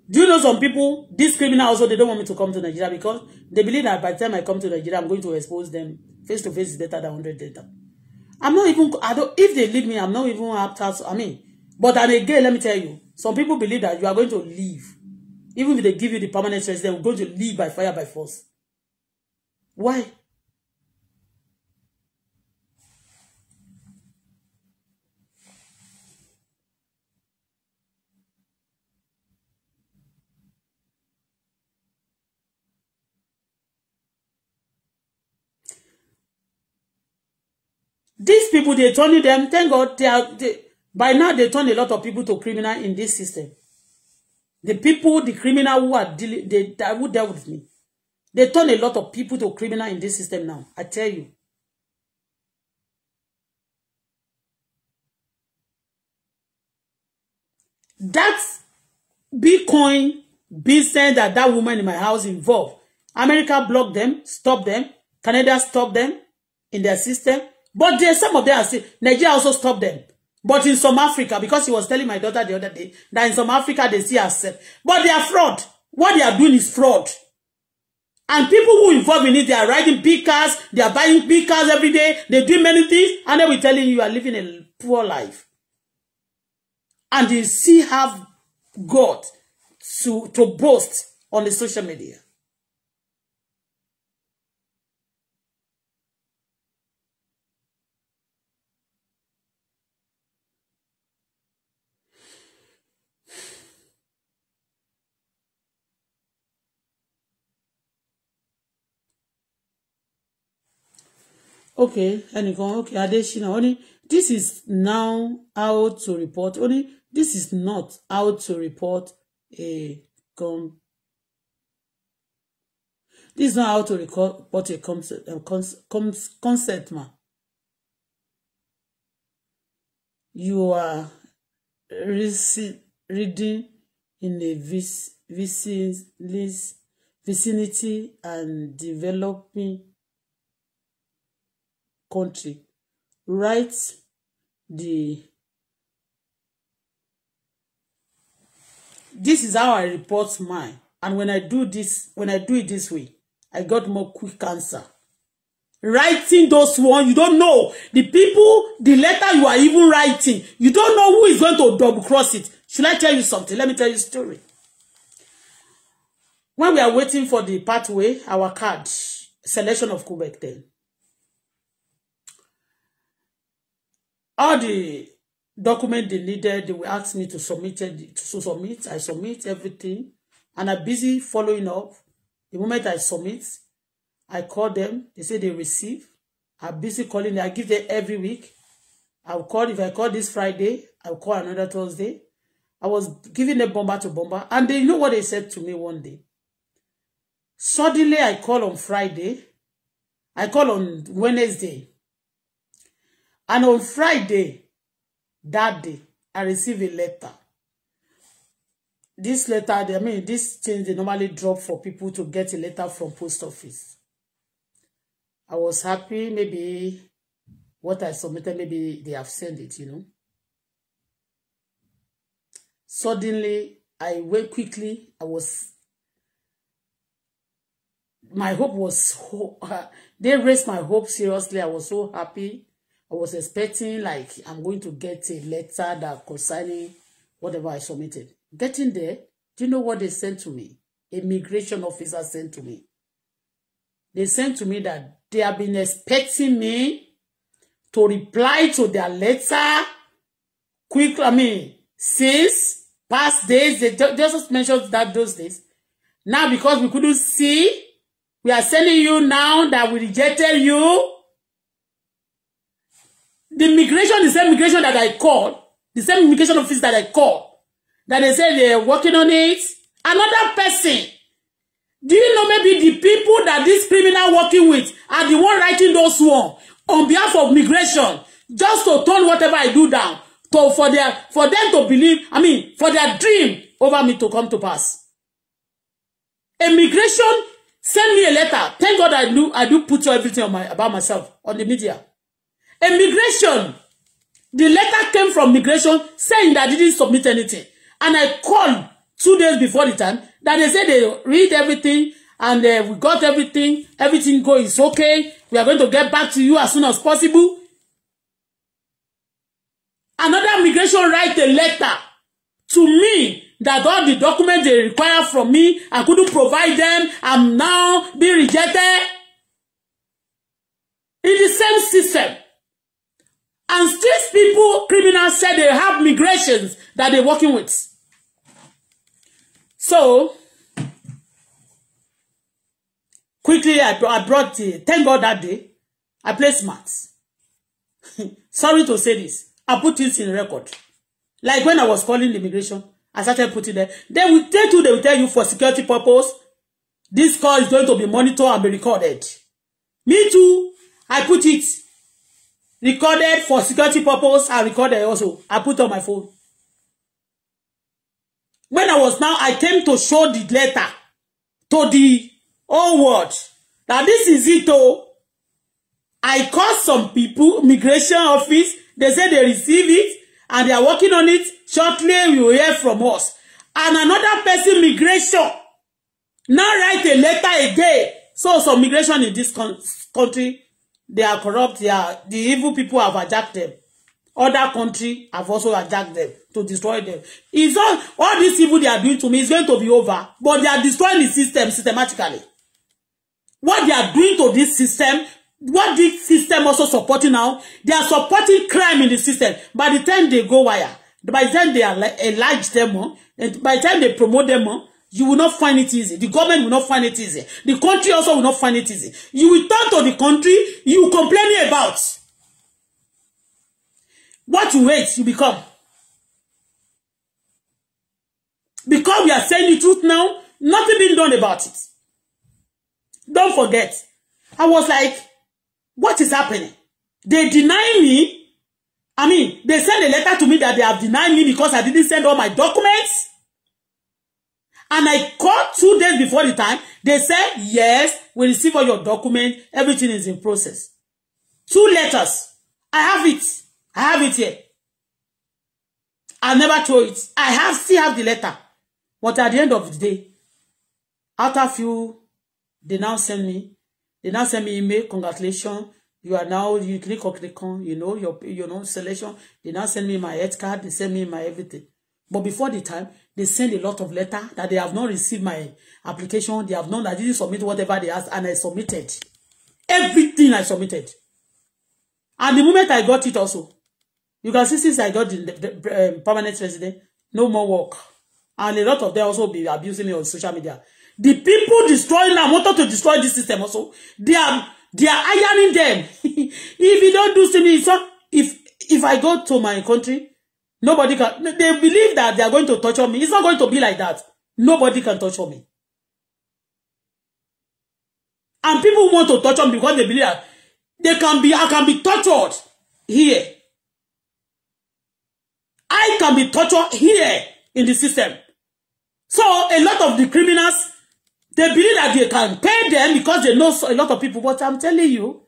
Do you know some people, these criminals also, they don't want me to come to Nigeria because they believe that by the time I come to Nigeria, I'm going to expose them. Face to face is better than 100 data. I'm not even, I don't, if they leave me, I'm not even after, I mean, but I'm again, let me tell you, some people believe that you are going to leave. Even if they give you the permanent residence, they're going to leave by fire, by force. Why? These people, they turn them, thank God, they are, they, by now they turn a lot of people to criminal in this system. The people, the criminal who are dealing, they, they who dealt with me, they turn a lot of people to criminal in this system now. I tell you. That Bitcoin business that that woman in my house involved, America blocked them, stopped them, Canada stopped them in their system. But there, some of them are still, Nigeria also stopped them. But in some Africa, because he was telling my daughter the other day, that in some Africa they see herself. But they are fraud. What they are doing is fraud. And people who involve in it, they are riding big cars, they are buying big cars every day, they do many things, and they will tell you you are living a poor life. And you see have got to, to boast on the social media. okay ẹnìkan okay adesina ó ní this is now how to report ó ní this is not how to report a com this is not how to report a concept, a um, concept, concept ma you are reading in a vicinity and developing country write the this is how I report mine and when I do this when I do it this way I got more quick answer writing those one you don't know the people the letter you are even writing you don't know who is going to double cross it should I tell you something let me tell you a story when we are waiting for the pathway our card selection of Quebec then all the document they needed, they will ask me to submit it, to submit. I submit everything, and I'm busy following up. The moment I submit, I call them. They say they receive. I'm busy calling. I give them every week. I'll call if I call this Friday. I'll call another Thursday. I was giving a bomber to bomber, and they you know what they said to me one day. Suddenly, I call on Friday. I call on Wednesday. And on Friday, that day, I received a letter. This letter, I mean, this thing they normally drop for people to get a letter from post office. I was happy, maybe what I submitted, maybe they have sent it, you know. Suddenly, I went quickly. I was, my hope was, so, uh, they raised my hope seriously. I was so happy. I was expecting like I'm going to get a letter that concerning whatever I submitted. Getting there, do you know what they sent to me? Immigration officer sent to me. They sent to me that they have been expecting me to reply to their letter quick, I mean, since past days, they just mentioned that those days. Now, because we couldn't see, we are sending you now that we rejected you the immigration, the same immigration that I call, the same immigration office that I call, that they say they're working on it. Another person. Do you know maybe the people that this criminal working with are the one writing those one on behalf of migration, just to turn whatever I do down, to for their for them to believe, I mean, for their dream over me to come to pass. Immigration send me a letter. Thank God I do I do put everything on my about myself on the media. Immigration. The letter came from migration saying that I didn't submit anything. And I called two days before the time that they said they read everything and uh, we got everything. Everything is okay. We are going to get back to you as soon as possible. Another migration write a letter to me that all the documents they require from me, I couldn't provide them. I'm now being rejected. In the same system. And still people, criminals said they have migrations that they're working with. So, quickly I, I brought the, thank God that day, I placed smart. Sorry to say this. I put this in record. Like when I was calling the immigration, I started putting there. Then we tell you, they will tell you for security purpose, this call is going to be monitored and be recorded. Me too, I put it recorded for security purpose and recorded also. I put on my phone. When I was now, I came to show the letter to the whole world. Now this is it oh. I called some people, migration office, they said they receive it and they are working on it. Shortly, we will hear from us. And another person, migration, now write a letter again. So some migration in this con country They are corrupt. They are, the evil people have attacked them. Other country have also attacked them to destroy them. It's all, all this evil they are doing to me is going to be over. But they are destroying the system systematically. What they are doing to this system, what this system also supporting now, they are supporting crime in the system. By the time they go wire, by the time they enlarge them, and by the time they promote them, You will not find it easy. The government will not find it easy. The country also will not find it easy. You will turn to the country you complaining about. What you wait. you become. Because we are saying the truth now, nothing been done about it. Don't forget. I was like, what is happening? They deny me. I mean, they send a letter to me that they have denied me because I didn't send all my documents. And I called two days before the time. They said, yes, we receive all your document. Everything is in process. Two letters. I have it. I have it here. I never throw it. I have still have the letter. But at the end of the day, after few, they now send me, they now send me email, congratulations. You are now, you click on click on, you know, your, you know, selection. They now send me my health card, they send me my everything. But before the time, They send a lot of letter that they have not received my application. They have known I didn't submit whatever they asked, and I submitted. Everything I submitted. And the moment I got it also, you can see since I got the, the um, permanent resident, no more work. And a lot of them also be abusing me on social media. The people destroying them wanted to destroy this system also. They are they are ironing them. if you don't do something, if if I go to my country, Nobody can. They believe that they are going to torture me. It's not going to be like that. Nobody can torture me. And people want to torture me because they believe that they can be, I can be tortured here. I can be tortured here in the system. So a lot of the criminals, they believe that they can pay them because they know a lot of people. But I'm telling you,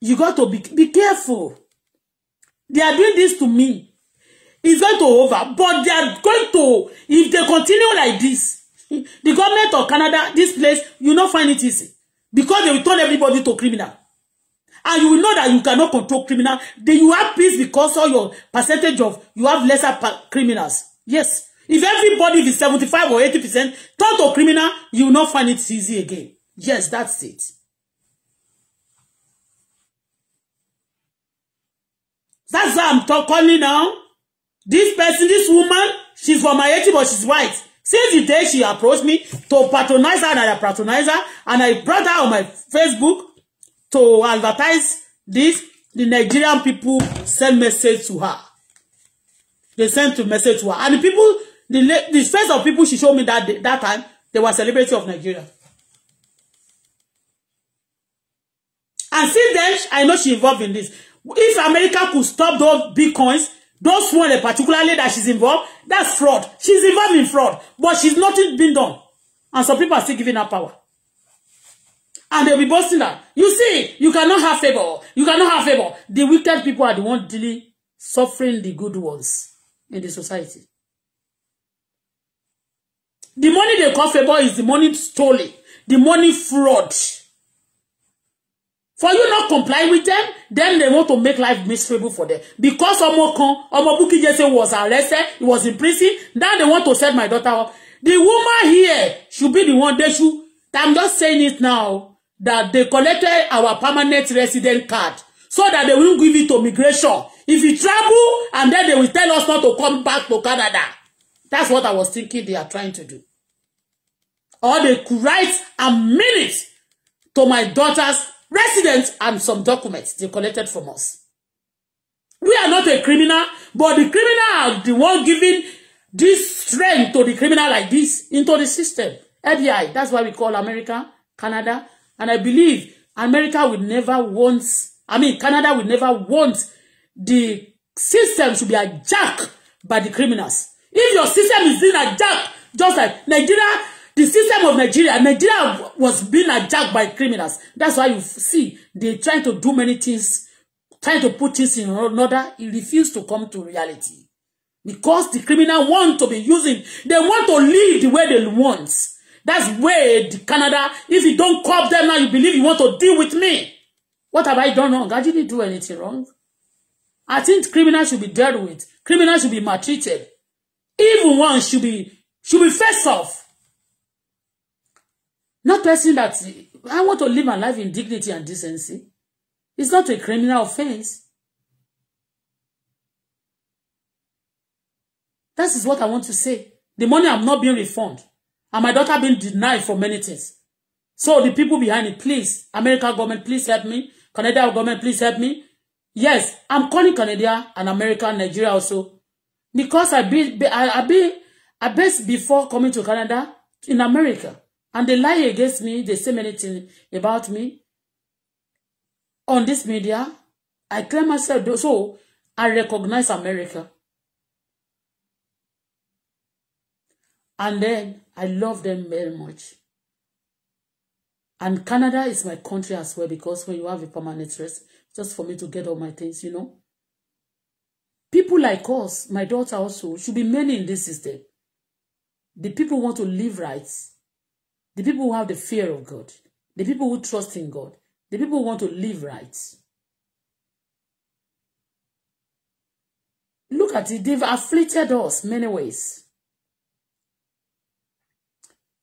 you got to be, be careful. They are doing this to me. It's going to over. But they are going to, if they continue like this, the government of Canada, this place, you not find it easy. Because they will turn everybody to criminal. And you will know that you cannot control criminal. Then you have peace because all your percentage of, you have lesser criminals. Yes. If everybody is 75 or 80% turn to criminal, you will not find it easy again. Yes, that's it. That's why I'm talk, calling now. This person, this woman, she's from my age, but she's white. Since the day she approached me to patronize her and I patronize her, and I brought her on my Facebook to advertise this, the Nigerian people send message to her. They sent a message to her. And the people, the, the face of people she showed me that day, that time, they were celebrity of Nigeria. And since then, I know she involved in this if America could stop those bitcoins, those one particularly that she's involved, that's fraud. She's involved in fraud, but she's nothing been done. And some people are still giving her power. And they'll be boasting that. You see, you cannot have favor. You cannot have favor. The wicked people are the ones really suffering the good ones in the society. The money they call favor is the money stolen. The money fraud for you not comply with them then they want to make life miserable for them because ọmọ kan ọmọ Bukky Jesse was arrested he was in prison now they want to set my daughter up the woman here should be the one they should i'm just saying it now that they collected our permanent resident card so that they will give it to migration if you travel and then they will tell us not to come back to Canada that's what i was thinking they are trying to do or they could write a minute to my daughters residence and some documents they collected from us. We are not a criminal, but the criminal are the one giving this strength to the criminal like this into the system. FBI, that's why we call America, Canada, and I believe America will never want, I mean, Canada will never want the system to be a jack by the criminals. If your system is in a jack, just like Nigeria The system of Nigeria, Nigeria was being attacked by criminals. That's why you see they trying to do many things, trying to put things in order. It refused to come to reality. Because the criminal want to be using, they want to live the way they want. That's where the Canada, if you don't cop them now, you believe you want to deal with me. What have I done wrong? I didn't do anything wrong. I think criminals should be dealt with. Criminals should be maltreated. Even one should be should be faced off. Not person that I want to live my life in dignity and decency. It's not a criminal offense. This is what I want to say. The money I'm not being refunded. And my daughter being denied for many things. So the people behind it, please, American government, please help me. Canadian government, please help me. Yes, I'm calling Canada and America, Nigeria also. Because I be, be I, I be I based before coming to Canada in America. And they lie against me. They say many things about me on this media. I claim myself. So I recognize America. And then I love them very much. And Canada is my country as well because when you have a permanent rest, just for me to get all my things, you know. People like us, my daughter also, should be many in this system. The people want to live rights. The people who have the fear of God, the people who trust in God, the people who want to live right. Look at it, they've afflicted us many ways.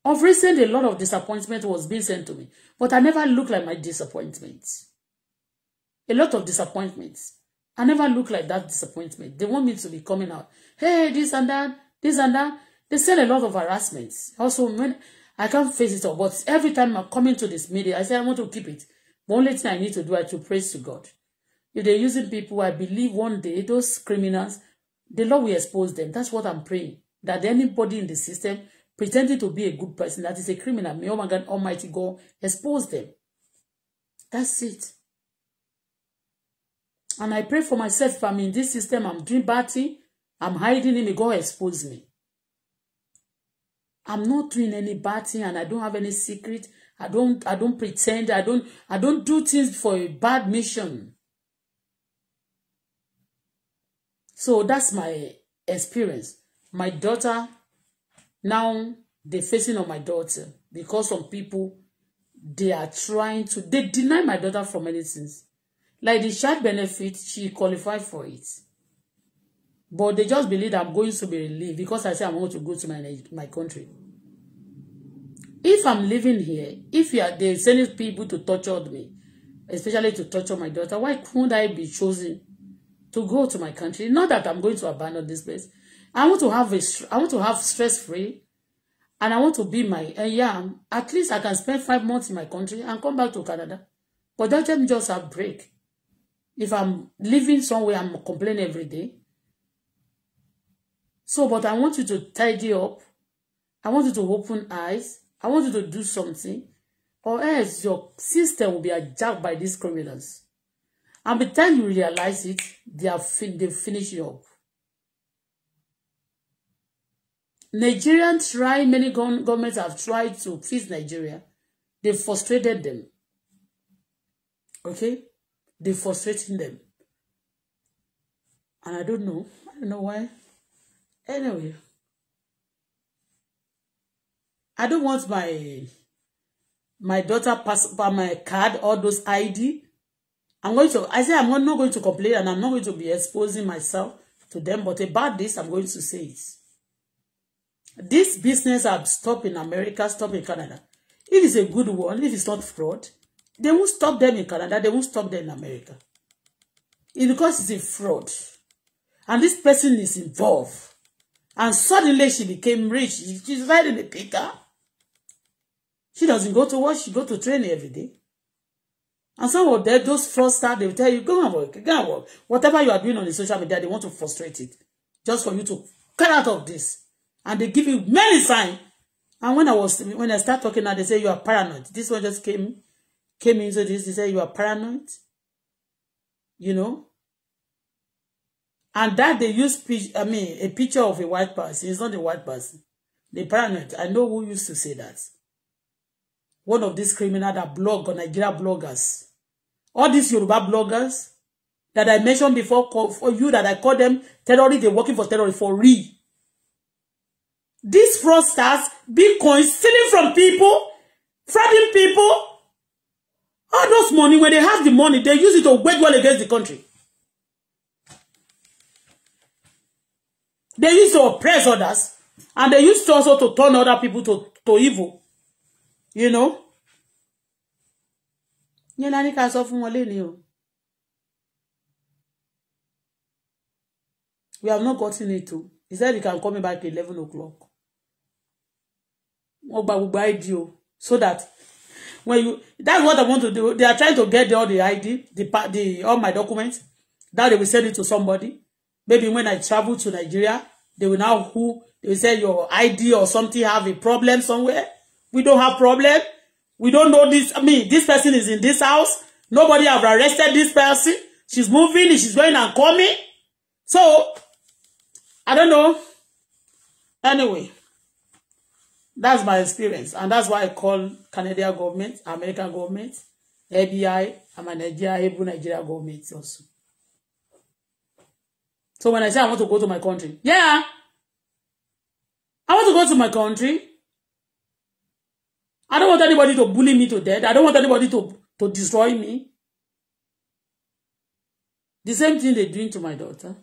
Of recent, a lot of disappointment was being sent to me, but I never looked like my disappointment. A lot of disappointments. I never look like that disappointment. They want me to be coming out. Hey, this and that, this and that. They send a lot of harassments. Also, when I can't face it all. But every time I'm coming to this media, I say I want to keep it. The only thing I need to do is to praise to God. If they're using people, I believe one day those criminals, the Lord will expose them. That's what I'm praying. That anybody in the system pretending to be a good person that is a criminal, may Almighty God expose them. That's it. And I pray for myself if I'm in this system, I'm doing bad thing, I'm hiding it, may God expose me. I'm not doing any bad thing and I don't have any secret. I don't I don't pretend. I don't I don't do things for a bad mission. So that's my experience. My daughter now the facing of my daughter because some people they are trying to they deny my daughter from anything, Like the child benefit, she qualified for it. But they just believe I'm going to be relieved because I say I'm going to go to my my country if i'm living here if you are they sending people to torture me especially to torture my daughter why couldn't i be chosen to go to my country not that i'm going to abandon this place i want to have a i want to have stress free and i want to be my uh, yeah at least i can spend five months in my country and come back to canada but that time just a break if i'm living somewhere i'm complaining every day so but i want you to tidy up i want you to open eyes I want you to do something, or else your system will be attacked by these criminals. And by the time you realize it, they have fin they finish you up. Nigerians try many go governments have tried to fix Nigeria. They frustrated them. Okay, they frustrating them. And I don't know. I don't know why. Anyway. I don't want my my daughter pass by my card, all those ID. I'm going to, I say I'm not going to complain and I'm not going to be exposing myself to them, but about this, I'm going to say it. This business have stopped in America, stopped in Canada. If it's a good one, if it's not fraud, they won't stop them in Canada, they won't stop them in America. It's because it's a fraud. And this person is involved. And suddenly she became rich. She's riding a pickup. She doesn't go to work. She go to training every day. And some of them, those fraudsters, they will tell you, go and work, go and work. Whatever you are doing on the social media, they want to frustrate it. Just for you to cut out of this. And they give you many signs. And when I was when I start talking now, they say you are paranoid. This one just came came into this. They say you are paranoid. You know. And that they use I mean a picture of a white person. It's not a white person. They paranoid. I know who used to say that one of these criminals that blog on Nigeria bloggers. All these Yoruba bloggers that I mentioned before, call, for you that I call them terrorists, they're working for terrorists for real. These fraudsters, Bitcoin, stealing from people, frauding people. All those money, when they have the money, they use it to wage war against the country. They use to oppress others, and they use to also to turn other people to, to evil you know yẹn la ní ká sọ fún wọn léni o we have not gotten it o he said he can call me back at eleven o'clock wọ́n gba gbogbo id o so that when you that's what i want to do they are trying to get all the id the the all my documents that they will send it to somebody maybe when i travel to nigeria they will now who they will say your id or something have a problem somewhere We don't have problem. We don't know this. I mean, this person is in this house. Nobody have arrested this person. She's moving. She's going and coming. So, I don't know. Anyway, that's my experience. And that's why I call Canadian government, American government, FBI, I'm a Nigeria, Hebrew Nigeria government also. So when I say I want to go to my country, yeah, I want to go to my country. I don't want anybody to bully me to death. I don't want anybody to, to destroy me. The same thing they're doing to my daughter.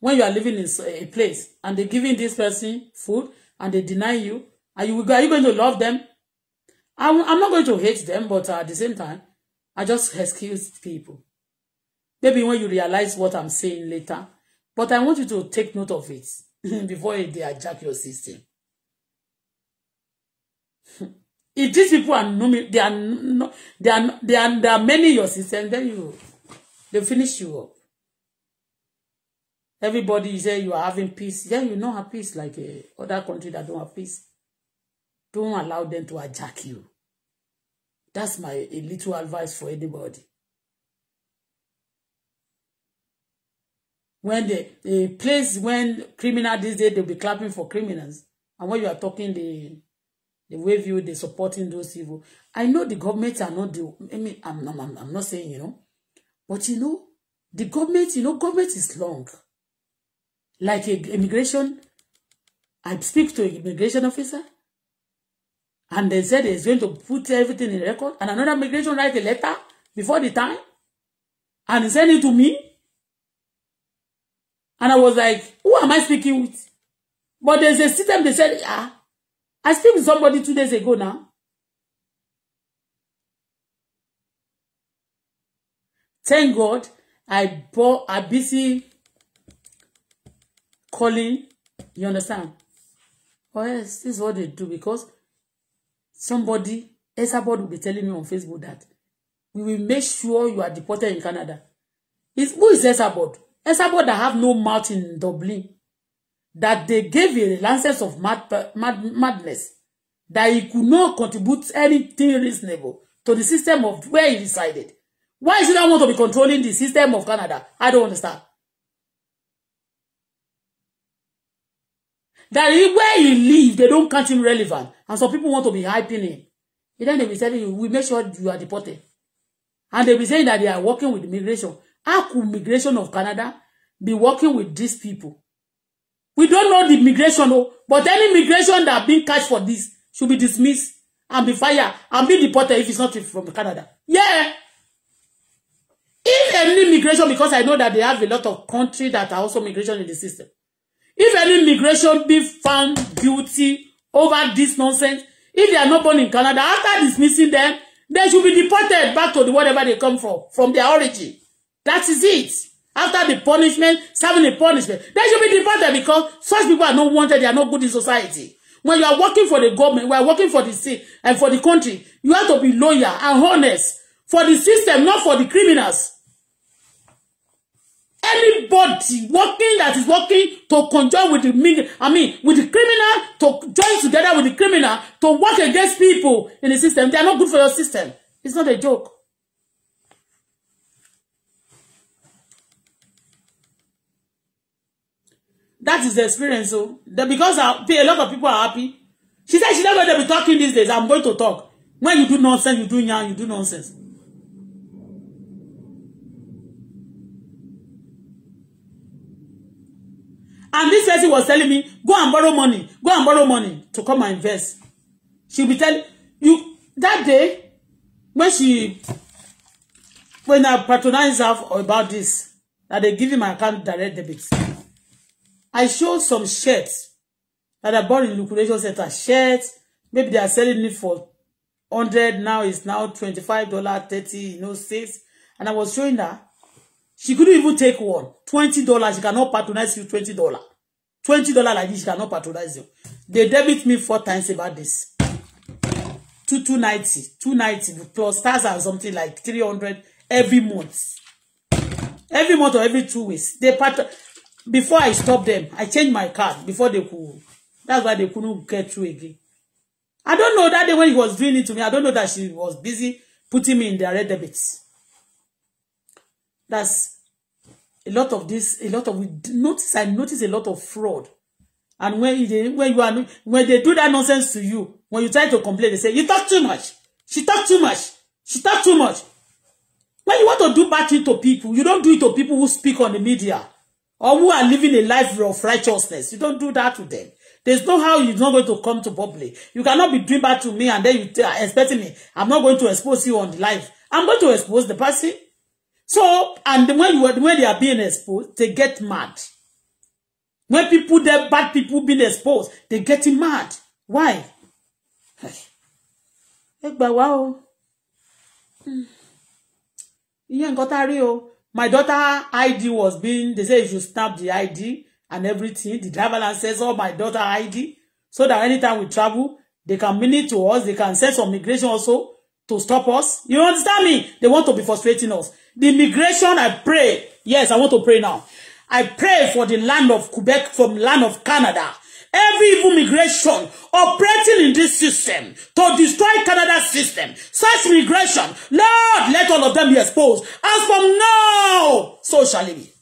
When you are living in eh, a place and they're giving this person food and they deny you, are you, are you going to love them? I'm, I'm not going to hate them, but at the same time, I just excuse people. Maybe when you realize what I'm saying later, but I want you to take note of it before they hijack your system. if these people are no they are no they are they are there are many your and then you they finish you up everybody say you are having peace Yeah, you know have peace like uh, other country that don't have peace don't allow them to attack you that's my a little advice for anybody when the a place when criminal these days they'll be clapping for criminals and when you are talking the the way view they supporting those evil. I know the government are not the. I mean, I'm, I'm, I'm not saying you know, but you know, the government. You know, government is long. Like a, immigration, I speak to an immigration officer, and they said he's going to put everything in record. And another immigration write a letter before the time, and send it to me. And I was like, who am I speaking with? But there's a system they said, ah, I speak to somebody two days ago now. Thank God I bought a busy calling. You understand? Or else this is what they do because somebody, Esabod will be telling me on Facebook that we will make sure you are deported in Canada. It's, who is Esabod? Esabod that have no mouth in Dublin that they gave a license of mad, mad, madness, that he could not contribute anything reasonable to the system of where he resided. Why is he not want to be controlling the system of Canada? I don't understand. That he, where he live, they don't count him relevant. And some people want to be hyping him. And then they be telling you, we make sure you are deported. And they be saying that they are working with immigration. How could immigration of Canada be working with these people? We don't know the migration, oh! But any migration that been catch for this should be dismissed and be fired and be deported if it's not from Canada. Yeah. If any migration, because I know that they have a lot of countries that are also migration in the system. If any migration be found guilty over this nonsense, if they are not born in Canada, after dismissing them, they should be deported back to the whatever they come from, from their origin. That is it. After the punishment, serving the punishment, they should be deported because such people are not wanted, they are not good in society. When you are working for the government, we are working for the city and for the country, you have to be loyal and honest for the system, not for the criminals. Anybody working that is working to conjoin with the I mean with the criminal to join together with the criminal to work against people in the system, they are not good for your system. It's not a joke. That is the experience. So that because I a lot of people are happy. She said she's not going to be talking these days. I'm going to talk. When you do nonsense, you do yarn, you do nonsense. And this person was telling me, go and borrow money, go and borrow money to come and invest. She'll be telling you that day when she when I patronized her about this, that they give him my account direct debit. I showed some shirts that I bought in liquidation center. Shirts, maybe they are selling it for 100 now it's now 25 dollar 30 you know six and i was showing her she couldn't even take one 20 dollar she cannot patronize you 20 dollar 20 dollar like this she cannot patronize you they debit me four times about this two two ninety, two ninety plus stars and something like three hundred every month every month or every two weeks they patron before I stopped them, I changed my card before they could. That's why they couldn't get through again. I don't know that day when he was doing it to me. I don't know that she was busy putting me in the red debits. That's a lot of this, a lot of we notice. I notice a lot of fraud. And when they, when you are when they do that nonsense to you, when you try to complain, they say you talk too much. She talk too much. She talk too much. When you want to do bad thing to people, you don't do it to people who speak on the media or who are living a life of righteousness. You don't do that to them. There's no how you're not going to come to public. You cannot be doing bad to me and then you are uh, expecting me. I'm not going to expose you on the life. I'm going to expose the person. So, and when you are, when they are being exposed, they get mad. When people, the bad people being exposed, they getting mad. Why? Ẹ but wow. You ain't got a rí my daughter ID was being, they say you should snap the ID and everything. The driver says all oh, my daughter ID. So that anytime we travel, they can mean it to us. They can send some migration also to stop us. You understand me? They want to be frustrating us. The immigration, I pray. Yes, I want to pray now. I pray for the land of Quebec, from land of Canada. Every evil migration operating in this system to destroy Canada's system, such migration, Lord, let all of them be exposed. As from now, so shall it be.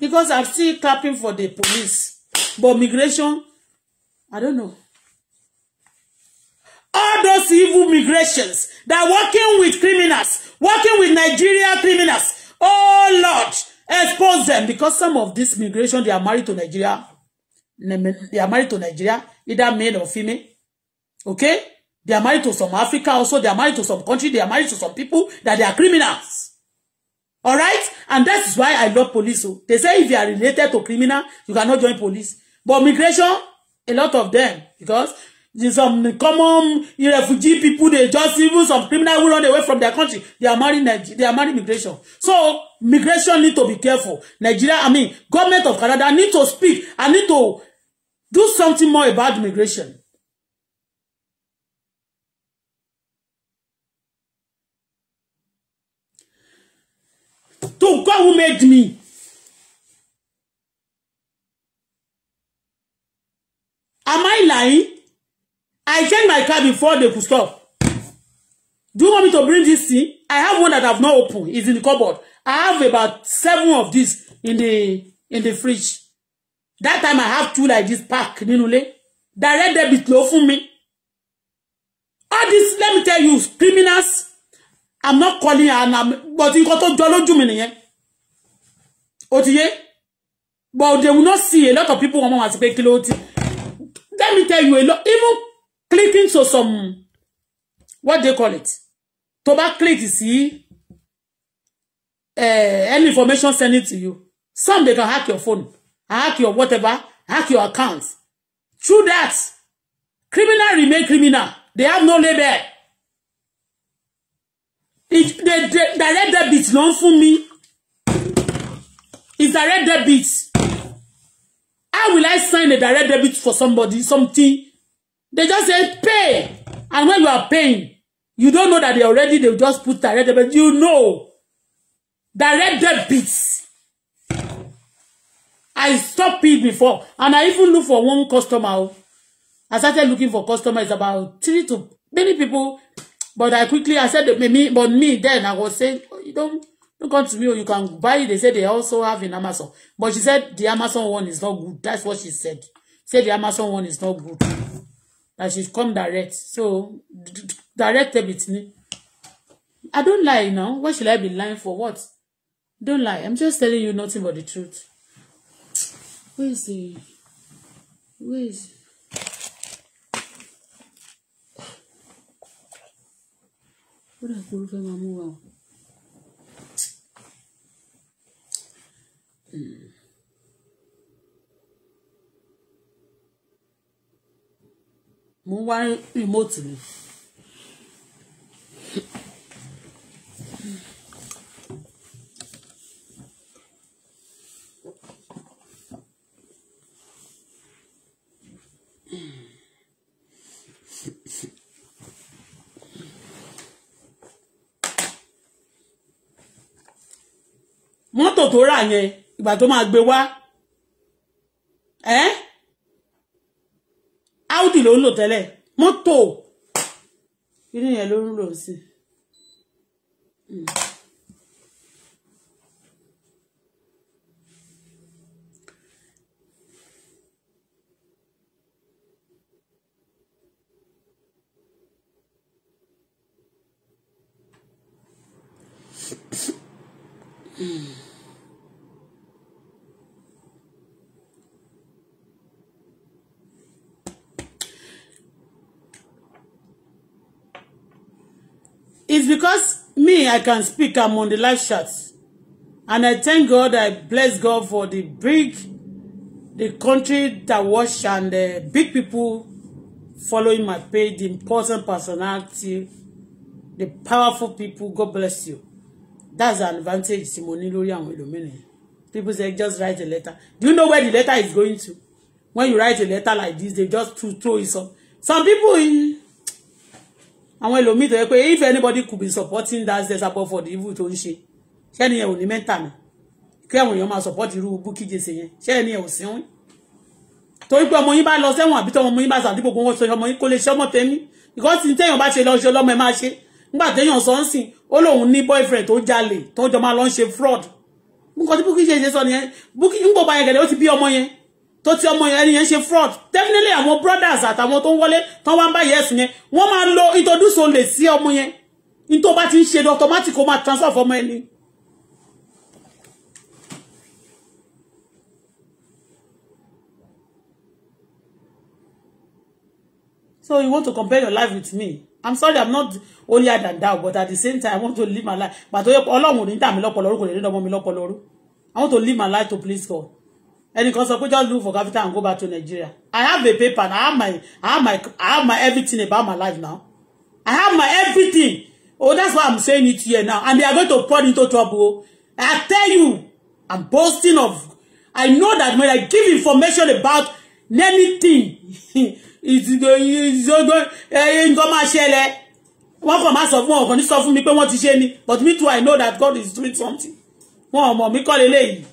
Because I'm still clapping for the police, but migration, I don't know. All those evil migrations that are working with criminals, working with Nigeria criminals, oh Lord, expose them because some of this migration, they are married to Nigeria they are married to Nigeria, either male or female. Okay? They are married to some Africa also. They are married to some country. They are married to some people that they are criminals. All right? And that is why I love police. So oh. they say if you are related to criminal, you cannot join police. But migration, a lot of them, because some common refugee people, they just even some criminal will run away from their country. They are married, they are married migration. So migration need to be careful. Nigeria, I mean, government of Canada need to speak. I need to Do something more about immigration. To God who made me. Am I lying? I checked my car before they could stop. Do you want me to bring this thing? I have one that I've not opened. It's in the cupboard. I have about seven of these in the in the fridge that time I have two like this pack nínú ilé direct debit ló for me. all this let me tell you criminals I'm not calling and but you got to lójú mi nìyẹn ó but they will not see a lot of people wọn mọ wọn àti let me tell you a lot even clicking to some what they call it tó bá click sí uh, any information send it to you some they can hack your phone hack your whatever, hack your account. Through that, criminal remain criminal. They have no label. It, the the direct debit ló for me, is It's direct debit. How will I sign a direct debit for somebody, something? They just say pay. And when you are paying, you don't know that they already, they just put direct debit. You know. Direct debits. I stopped it before. And I even look for one customer. Oh. I started looking for customers about three to many people. But I quickly, I said, me, but me then, I was saying, oh, you don't, don't come to me or oh. you can buy it. They said they also have in Amazon. But she said the Amazon one is not good. That's what she said. Said the Amazon one is not good. That she's come direct. So, direct debit me. I don't lie now. What should I be lying for? What? Don't lie. I'm just telling you nothing but the truth. Where the where is ó dà kúrú fẹ́ máa mú wa o. mo wá mọ́tò tó rà yẹn ìgbà tó máa gbé wá ẹ́ Audi ló ń lò tẹ́lẹ̀ mọ́tò inú yẹn ló ń lò sí Mm. It's because me, I can speak. I'm on the live chat. And I thank God, I bless God for the big, the country that watch and the uh, big people following my page, the important personality, the powerful people. God bless you. That's an advantage tí mo ní People say, just write a letter. Do you know where the letter is going to? When you write a letter like this, they just throw it up. Some people... in àwọn ẹlòmíì tó yẹ pé if anybody could be supporting that their support for the evil tó ń ṣe ṣẹ́ni ẹ̀ ò ní mẹ́ta mi kí àwọn èèyàn máa support irú Bukky Jesse yẹn ṣẹ́ni ẹ̀ ò sí wọn torí pé ọmọ yín bá lọ sẹ́wọ̀n àbí tọmọ yín bá sàdí gbogbo wọn sọ ọmọ yín kó lè ṣe ọmọ tẹ́mí because ní tẹ́yàn bá ṣe lọ ṣe lọ́mọ ẹ máa ṣe nígbà tẹ́yàn sọ ń sìn ó lóun ní boyfriend tó jalè tó jọ máa lọ ń ṣe fraud nǹkan tí Bukky Jesse sọ nìyẹn Bukky ń gbọ́ bá yẹn gẹ̀dẹ̀ ó ti bí ọmọ yẹn tó ti ọmọ ẹni yẹn ṣe fraud definitely àwọn brothers àtàwọn tó ń wọlé tán wá ń bá yẹ́sùn yẹn wọ́n máa lo introduce olè sí ọmọ yẹn ní tó bá ti ń ṣe automatic ó máa transfer fọmọ ẹni. So you want to compare your life with me? I'm sorry, I'm not holier than thou, but at the same time, I want to live my life. But Ọlọ́run ò ní dà mí kò lè ní dọ́mọ mi lọ́pọlọ I want to live my life to please God ẹnìkan sọ pé just look for capital and go back to Nigeria I have a paper and I have my I have my I have my everything about my life now I have my everything oh that's why I'm saying it here now and they are going to pour into trouble I tell you I'm boasting of I know that when I give information about anything it's eh, máa ṣẹlẹ̀ wọ́n kàn máa sọ fún ọ̀kan ní sọ fún mi pé wọ́n ti ṣe ni but me too I know that God is doing something wọn ò mọ̀ mí kọ́ lélẹ́yìí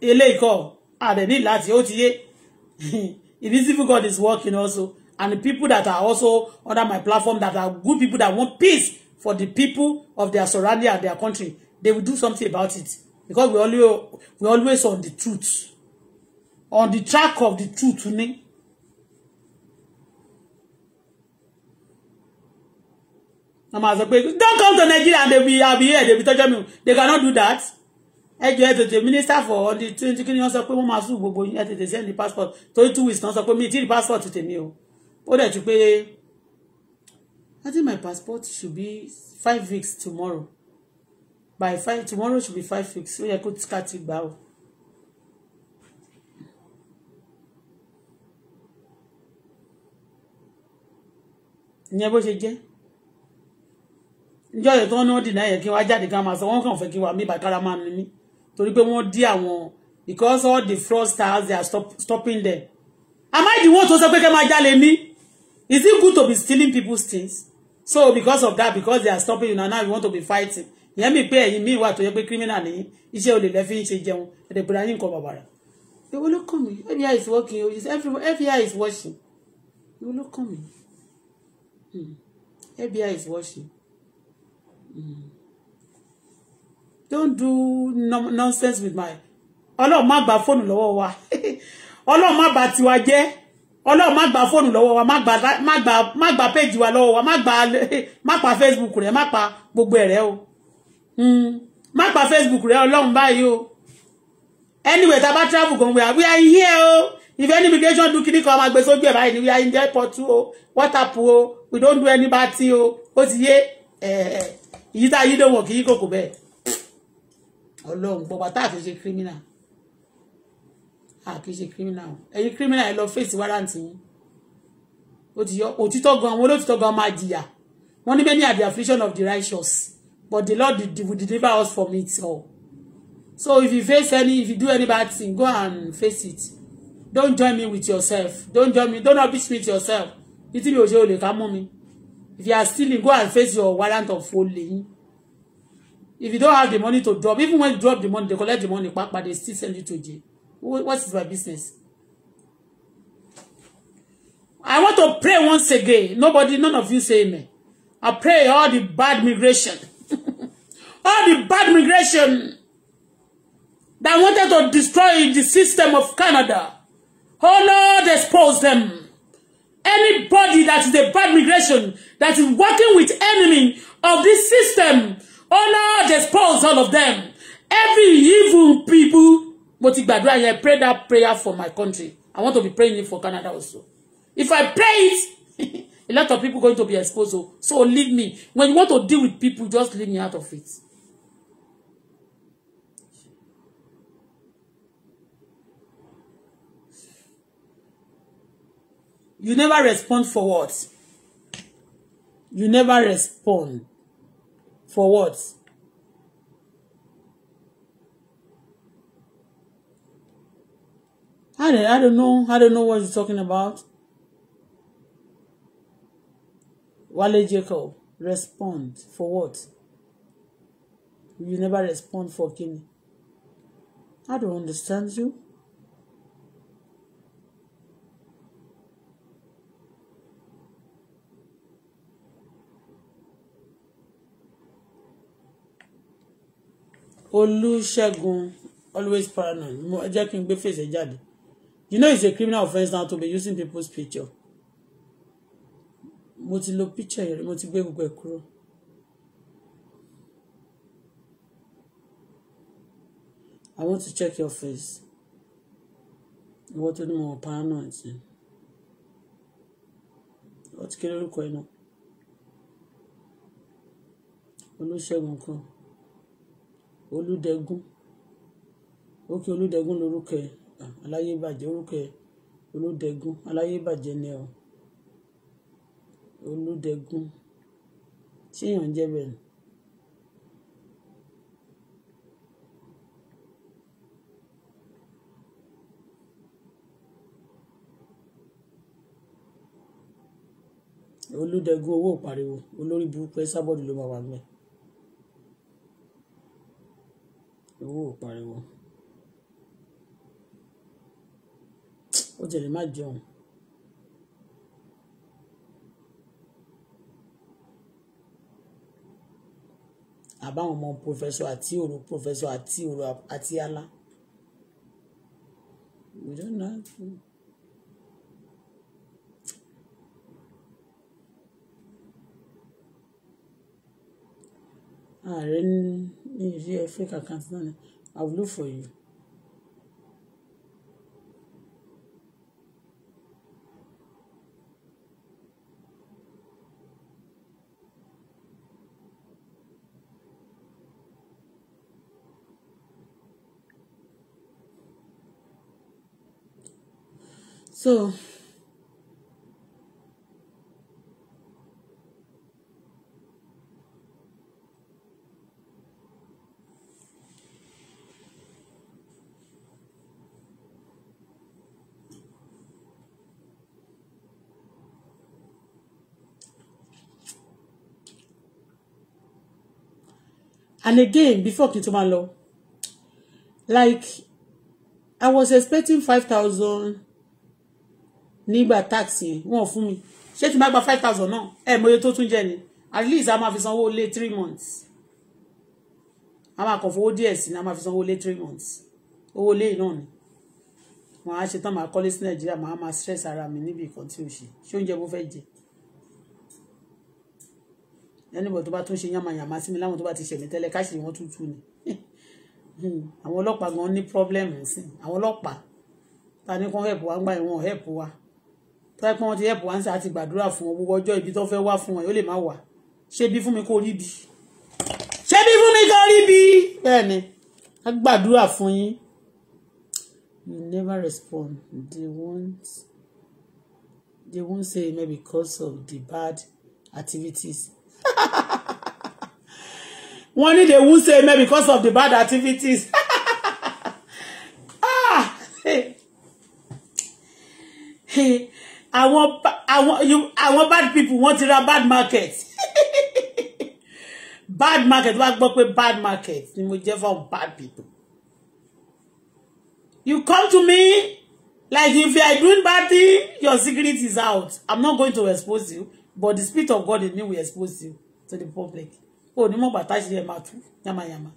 eléyìí kọ́ àdẹ̀ ní need that ti invisible God is working also and the people that are also under my platform that are good people that want peace for the people of their surrounding and their country they will do something about it because we always we always on the truth on the track of the truth ni. na don't come to Nigeria and they be here they be torture me they cannot do that ẹ jọ ẹ tètè minister for ọdún twenty kí ni wọ́n sọ pé wọ́n máa sùn gbogbo ẹ tètè send passport torí two weeks tán sọ pé mi ti rí passport tèmi o ó dẹ̀ ti pé I think my passport should be five weeks tomorrow by five tomorrow should be five weeks ó yẹ kó ká ti gbà o. ìyẹn bó ṣe jẹ́ ìjọ yẹn tó ń ná dìnnà yẹn kí wọ́n á jáde ká máa sọ wọ́n kàn fẹ́ kí wọ́n á mí bàkárà máa mi mí torí pé wọ́n dí àwọn because all the fraudsters they are stop, stopping them am I the one tó sọ pé kẹ́ máa jalè ní is it good to be stealing people's things so because of that because they are stopping you now now you want to be fighting ìyẹn mi pé ẹ̀yin míì wà tó yẹ pé criminal nìyí iṣẹ́ olè lẹ́fí ń ṣe jẹun ẹ̀dẹ̀ gbọ́dọ̀ ayé nǹkan bàbàrà. ìwọ ló kàn mí FBI is working o FBI is watching ìwọ ló kàn mí hmm. FBI is watching. Mm don't do no nonsense with my ọlọ́run má gba fóònù lọ́wọ́ wa ọlọ́run má bà tiwa jẹ́ ọlọ́run má gba fóònù lọ́wọ́ wa má gba má gba má gba péjì wa lọ́wọ́ wa má gba má pa facebook rẹ má pa gbogbo ẹ̀ rẹ o hmm, má pa facebook rẹ ọlọ́run báyìí o anyway tá a bá travel gan we are here o if any immigration do kini kan ma gbé sójú ẹ̀ báyìí ni we are in the airport o whatsapp o we don't do any bad thing o ó ti yé ẹ̀ẹ́ eh, eh, eh. ìyí tá a yí dòwò kì í kòkò bẹ́ẹ̀ ọlọ́run bọ́ba tá a kì í ṣe kírímínà a kì í ṣe kírímínà o ẹ̀yin kírímínà ẹ lọ fèsì wárántì yín ó ti yọ òtítọ́ gan àwọn olótítọ́ gan máa jìyà wọ́n ní many are the affliction of the righteous but the Lord will deliver us from it all so if you face any if you do any bad thing go and face it don't join me with yourself don't join me don't abuse me with yourself títí mi ò ṣe olè ká mú mi if you are stealing go and face your warrant of olè if you don't have the money to drop even when you drop the money they collect the money but they still send you to jail what is my business I want to pray once again nobody none of you say amen I pray all the bad migration all the bad migration that wanted to destroy the system of Canada oh Lord expose them anybody that is a bad migration that is working with enemy of this system Oh Lord, all of them. Every evil people. Mo ti gbàdúrà yẹn, I pray that prayer for my country. I want to be praying it for Canada also. If I pray it, a lot of people going to be exposed. Oh. so leave me. When you want to deal with people, just leave me out of it. You never respond for what? You never respond for what? I don't, I don't know. I don't know what you're talking about. Wale Jacob, respond for what? You never respond for Kimi. I don't understand you. Olúṣẹ́gun always paranoid mo jẹ́ kí n gbé fèsì jáde you know it's a criminal offence now to be using people's picture mo ti lo picture yẹn mo ti gbé gbogbo ẹ̀ kúrò. I want to check your face. Ìwọ́n tó ní mo wọ̀ paranoid ni. Ó ti kéré orúkọ ẹ̀ náà. Olúṣẹ́gun kan olùdẹ́gún òkè olùdẹ́gún lorúkọ ẹ̀ aláyébàjẹ́ orúkọ ẹ̀ olùdẹ́gún aláyébàjẹ́ ni ọ olùdẹ́gún ṣéèyàn jẹ́ bẹ́ẹ̀ ni. olùdẹ́gún owó pariwo olórí burúkú ẹ sábọ́ọ̀dù ló máa wà mẹ́ẹ̀. pariwo ó tẹ̀lé má jẹun. àbáwọn ọmọ pòfẹsọ àti òru pòfẹsọ àti òru àti ala we don't know. ààrẹ ní ilé ẹfẹ kankan tí náà ni I will look for you. So and again before Kitumalo, like I was expecting five thousand nígbà tax yẹn wọ́n fún mi ṣé tí n bá gba five thousand náà ẹ mọ iye tó at least a máa fi sanwó late three months I'm a máa kàn fowó I'm sí ni a máa fi sanwó lé three months owó lé náà ni wọn á ṣe tán máa Nigeria, my Nàìjíríà stress ara mi níbi ìkan tí o ṣe ṣé oúnjẹ anybody tó bá tún ṣe yánmayànmá sí mi láwọn tó bá ti ṣẹ̀mí tẹ́lẹ̀ káṣìí wọ́n tún tú ni hmm, àwọn ọlọ́pàá gan ní problem sí àwọn ọlọ́pàá ta ni kàn help wa ń gbà ìwọ̀n help wa tó yẹ pé wọ́n ti help wa ń sá àti gbàdúrà fún wọn ọjọ́ ibi tó fẹ́ wá fún wọn yóò lè má wà ṣé bí fún mi kò rí bi ṣé bí fún mi kò rí bi bẹ́ẹ̀ ni a gbàdúrà fún yín you never respond they won't they won't say maybe because of the bad activities One day they won't say amen because of the bad activities. ah, hey. Hey. I want, I want you, I want bad people want to run bad market. bad market, what work with bad market? You will never bad people. You come to me, Like if you are doing bad thing, your secret is out. I'm not going to expose you, but the spirit of God in me will expose you to the public. Oh, ni mo bata si ma yama yama.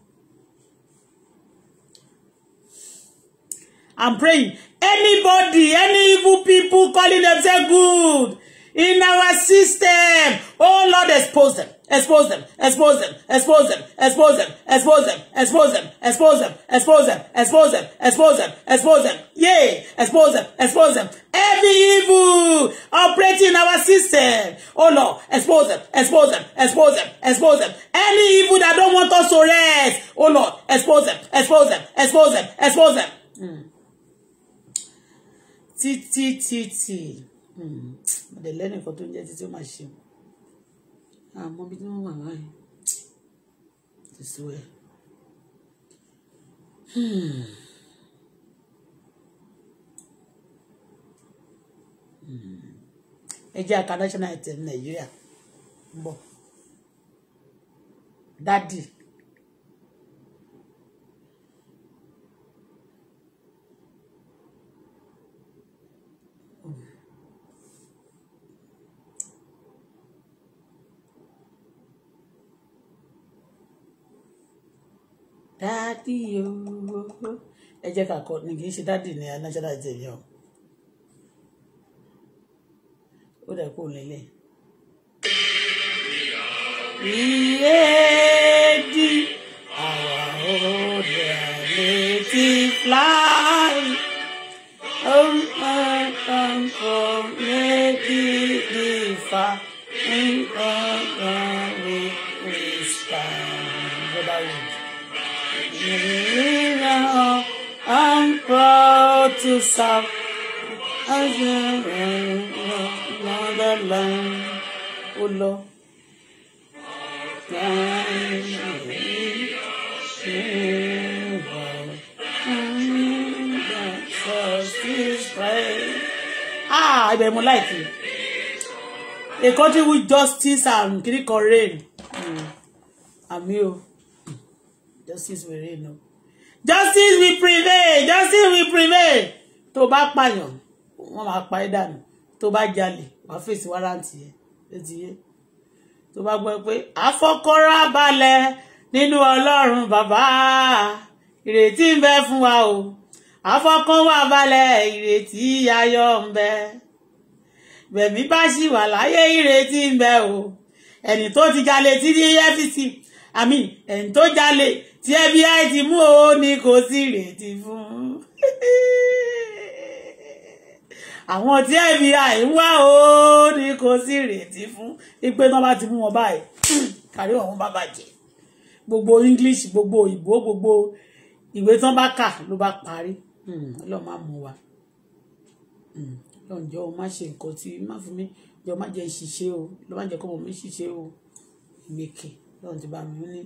I'm praying. Anybody, any evil people calling themselves good in our system, oh Lord, expose them expose them, expose them, expose them, expose them, expose them, expose them, expose them, expose them, expose them, expose them, expose them, yay, expose them, expose them. Every evil operating in our system. Oh Lord, expose them, expose them, expose them, expose them. Any evil that don't want us to rest. Oh Lord, expose them, expose them, expose them, expose them. T T T T. ti. Hmm. Mo dẹ̀ lẹ́nu nǹkan tó ń àmọ́ bí wọ́n wà báyìí ti sú ẹ̀. Hmm. ẹ jẹ́ àká national item nàìjíríà ń bọ̀ dádì. dádì ooo oh, oh, oh. ẹ jẹ́ ká kọ ní kì í ṣe dádì ní anájọ́dá jẹ yẹn o ó dẹ̀ kó lélẹ̀. ìyé di àwọn òde àlejò fly um um um from lady di fa um um um we whisper. I'm proud to serve as another land. O Lord. Ah, ibẹ̀ mo láìkì. A country with justice and kiri kan reign. Hmm. Àmì o justice will reign o justice will prevail justice will prevail tó bá pààyàn wọ́n máa pa ẹ́ dànù tó bá jalè wàá fèsì wárántì ẹ̀ létí yé tó bá gbọ́ pé àfọkọ́rá balẹ̀ nínú ọlọ́run bàbá ìrètí ń bẹ fún wa o àfọkàn wà balẹ̀ ìrètí ayọ̀ ń bẹ bẹ̀mí bá ṣì wà láyé ìrètí ń bẹ o ẹni tó ti jalè tí ní EFCC àmì ẹ̀ǹ tó jalè tí FBI ti mú o ní kò sí ìrètí fún àwọn tí FBI ń wá o ní kò sí ìrètí fún wípé náà bá ti mú wọn báyìí kárí ọ̀hún bá bàjẹ́ gbogbo English gbogbo òyìnbó gbogbo ìwé tán bá kà ló bá parí hmm, ọlọ́run máa mú wa hmm, lọ́njọ́ o má ṣe nǹkan tí má fún mi jọ má jẹ́ ṣiṣẹ́ o lọ́ má jẹ́ kọ́ mọ̀ mi ṣiṣẹ́ o ìmẹ̀kẹ́ lọ́run ti bá mi ní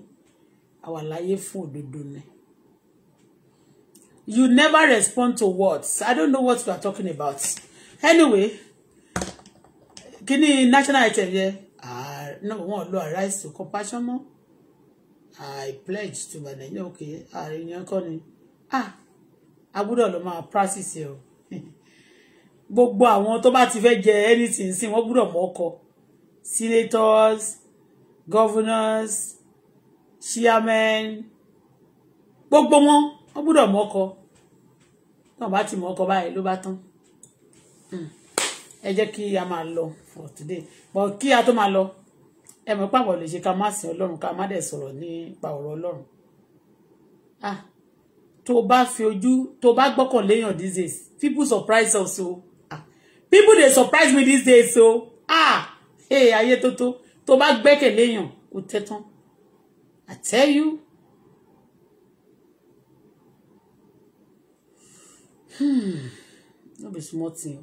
àwa láyé fún òdodo ni. You never respond to words. I don't know what you are talking about. Anyway, kini national item yẹ? Ah, number one, lo arise to compassion Mo, I pledge to my Nigeria okay. Àìyàn ah, kọ́ ni. Ah! A gbọ́dọ̀ lọ máa practice o. Gbogbo àwọn tó bá ti fẹ́ jẹ anything sí wọ́n gbọ́dọ̀ mọ́ ọkọ̀. Senators, governors chairmen, gbogbo wọn wọn gbọ́dọ̀ mọkọ tó bá ti mọkọ báyìí ló bá tán hmm. ẹ jẹ́ kí a máa lọ for today but kí a tó máa lọ ẹ mọ̀ pàpọ̀ lè ṣe ká má sìn ọlọ́run ká má dẹ̀ sọ̀rọ̀ nípa ọ̀rọ̀ ọlọ́run ah tó bá fi ojú tó bá gbọ́kàn léèyàn these days people surprise us o ah people dey surprise me these days o ah hey ayé tó tó bá gbẹ́kẹ̀lé èèyàn kò tẹ́tán I tell you. Hmm. no be small thing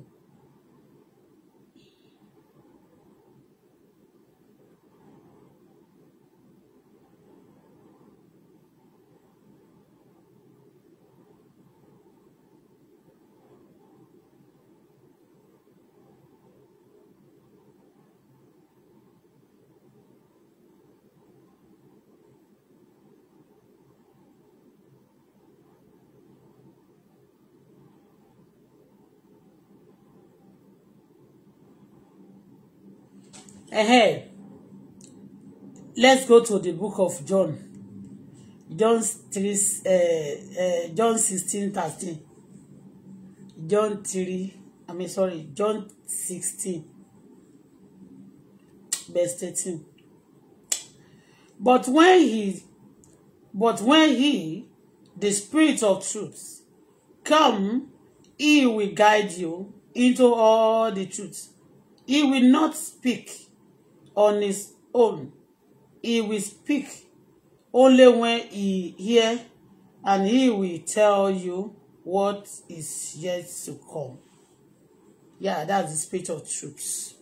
Hey, let's go to the book of John. John 3, uh, uh, John 16, 13. John 3, I mean, sorry, John 16, verse 13. But when he, but when he, the Spirit of truth, come, he will guide you into all the truth. He will not speak on his own. He will speak only when he hear, and he will tell you what is yet to come. Yeah, that's the spirit of truth.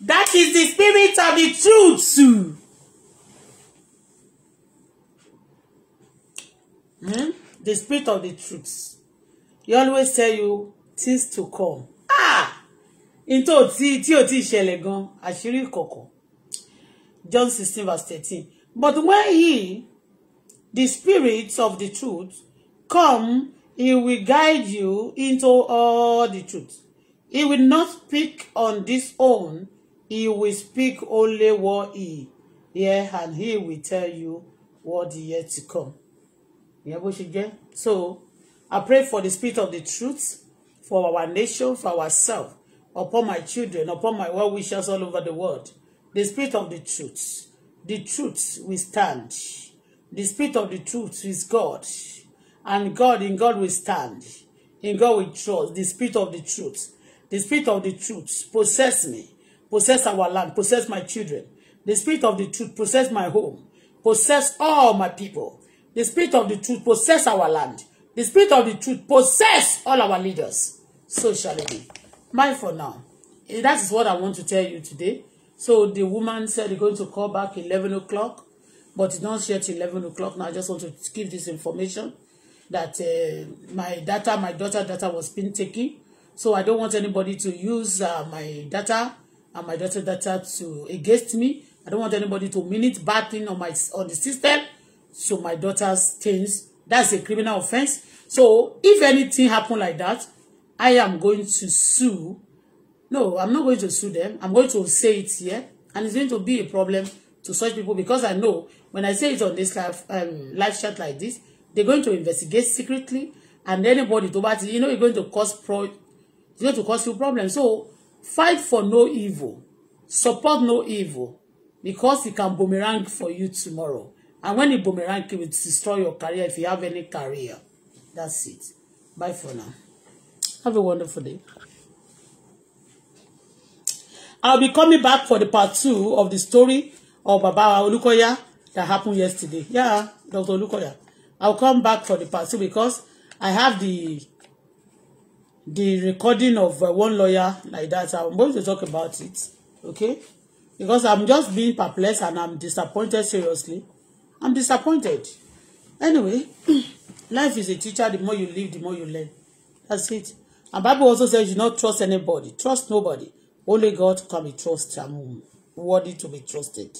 That is the spirit of the truth. Hmm? The spirit of the truth. He always tell you things to come in tó tí tí ò tí ṣẹlẹ̀ gan àṣírí ìkọ̀kọ̀ John sixteen verse thirteen but when he the spirit of the truth come he will guide you into all the truth he will not speak on his own he will speak only what he hear and he will tell you what the year to come ìyẹn bó ṣe jẹ́ so I pray for the spirit of the truth for our nation for ourselves upon my children, upon my well wishers all over the world. The spirit of the truth. The truth we stand. The spirit of the truth is God. And God, in God we stand. In God we trust. The spirit of the truth. The spirit of the truth possess me. Possess our land. Possess my children. The spirit of the truth possess my home. Possess all my people. The spirit of the truth possess our land. The spirit of the truth possess all our leaders. So shall it be. Bye for now. That is what I want to tell you today. So the woman said they're going to call back 11 o'clock, but it's not yet 11 o'clock now. I just want to give this information that uh, my data, my daughter data was being taken. So I don't want anybody to use uh, my data and my daughter data to against me. I don't want anybody to minute bad thing on my on the system. So my daughter's things. That's a criminal offense. So if anything happen like that, I am going to sue. No, I'm not going to sue them. I'm going to say it here. And it's going to be a problem to such people because I know when I say it on this live, um, live chat like this, they're going to investigate secretly and anybody to but you know you're going to cause pro it's going to cause you problems. So fight for no evil, support no evil because it can boomerang for you tomorrow. And when it boomerang, it will destroy your career if you have any career. That's it. Bye for now. Have a wonderful day. I'll be coming back for the part two of the story of Baba Olukoya that happened yesterday. Yeah, Dr. Olukoya. I'll come back for the part two because I have the the recording of uh, one lawyer like that. I'm going to talk about it, okay? Because I'm just being perplexed and I'm disappointed seriously. I'm disappointed. Anyway, life is a teacher. The more you live, the more you learn. That's it. And Bible also says you not trust anybody. Trust nobody. Only God can be trusted. I'm worthy to be trusted.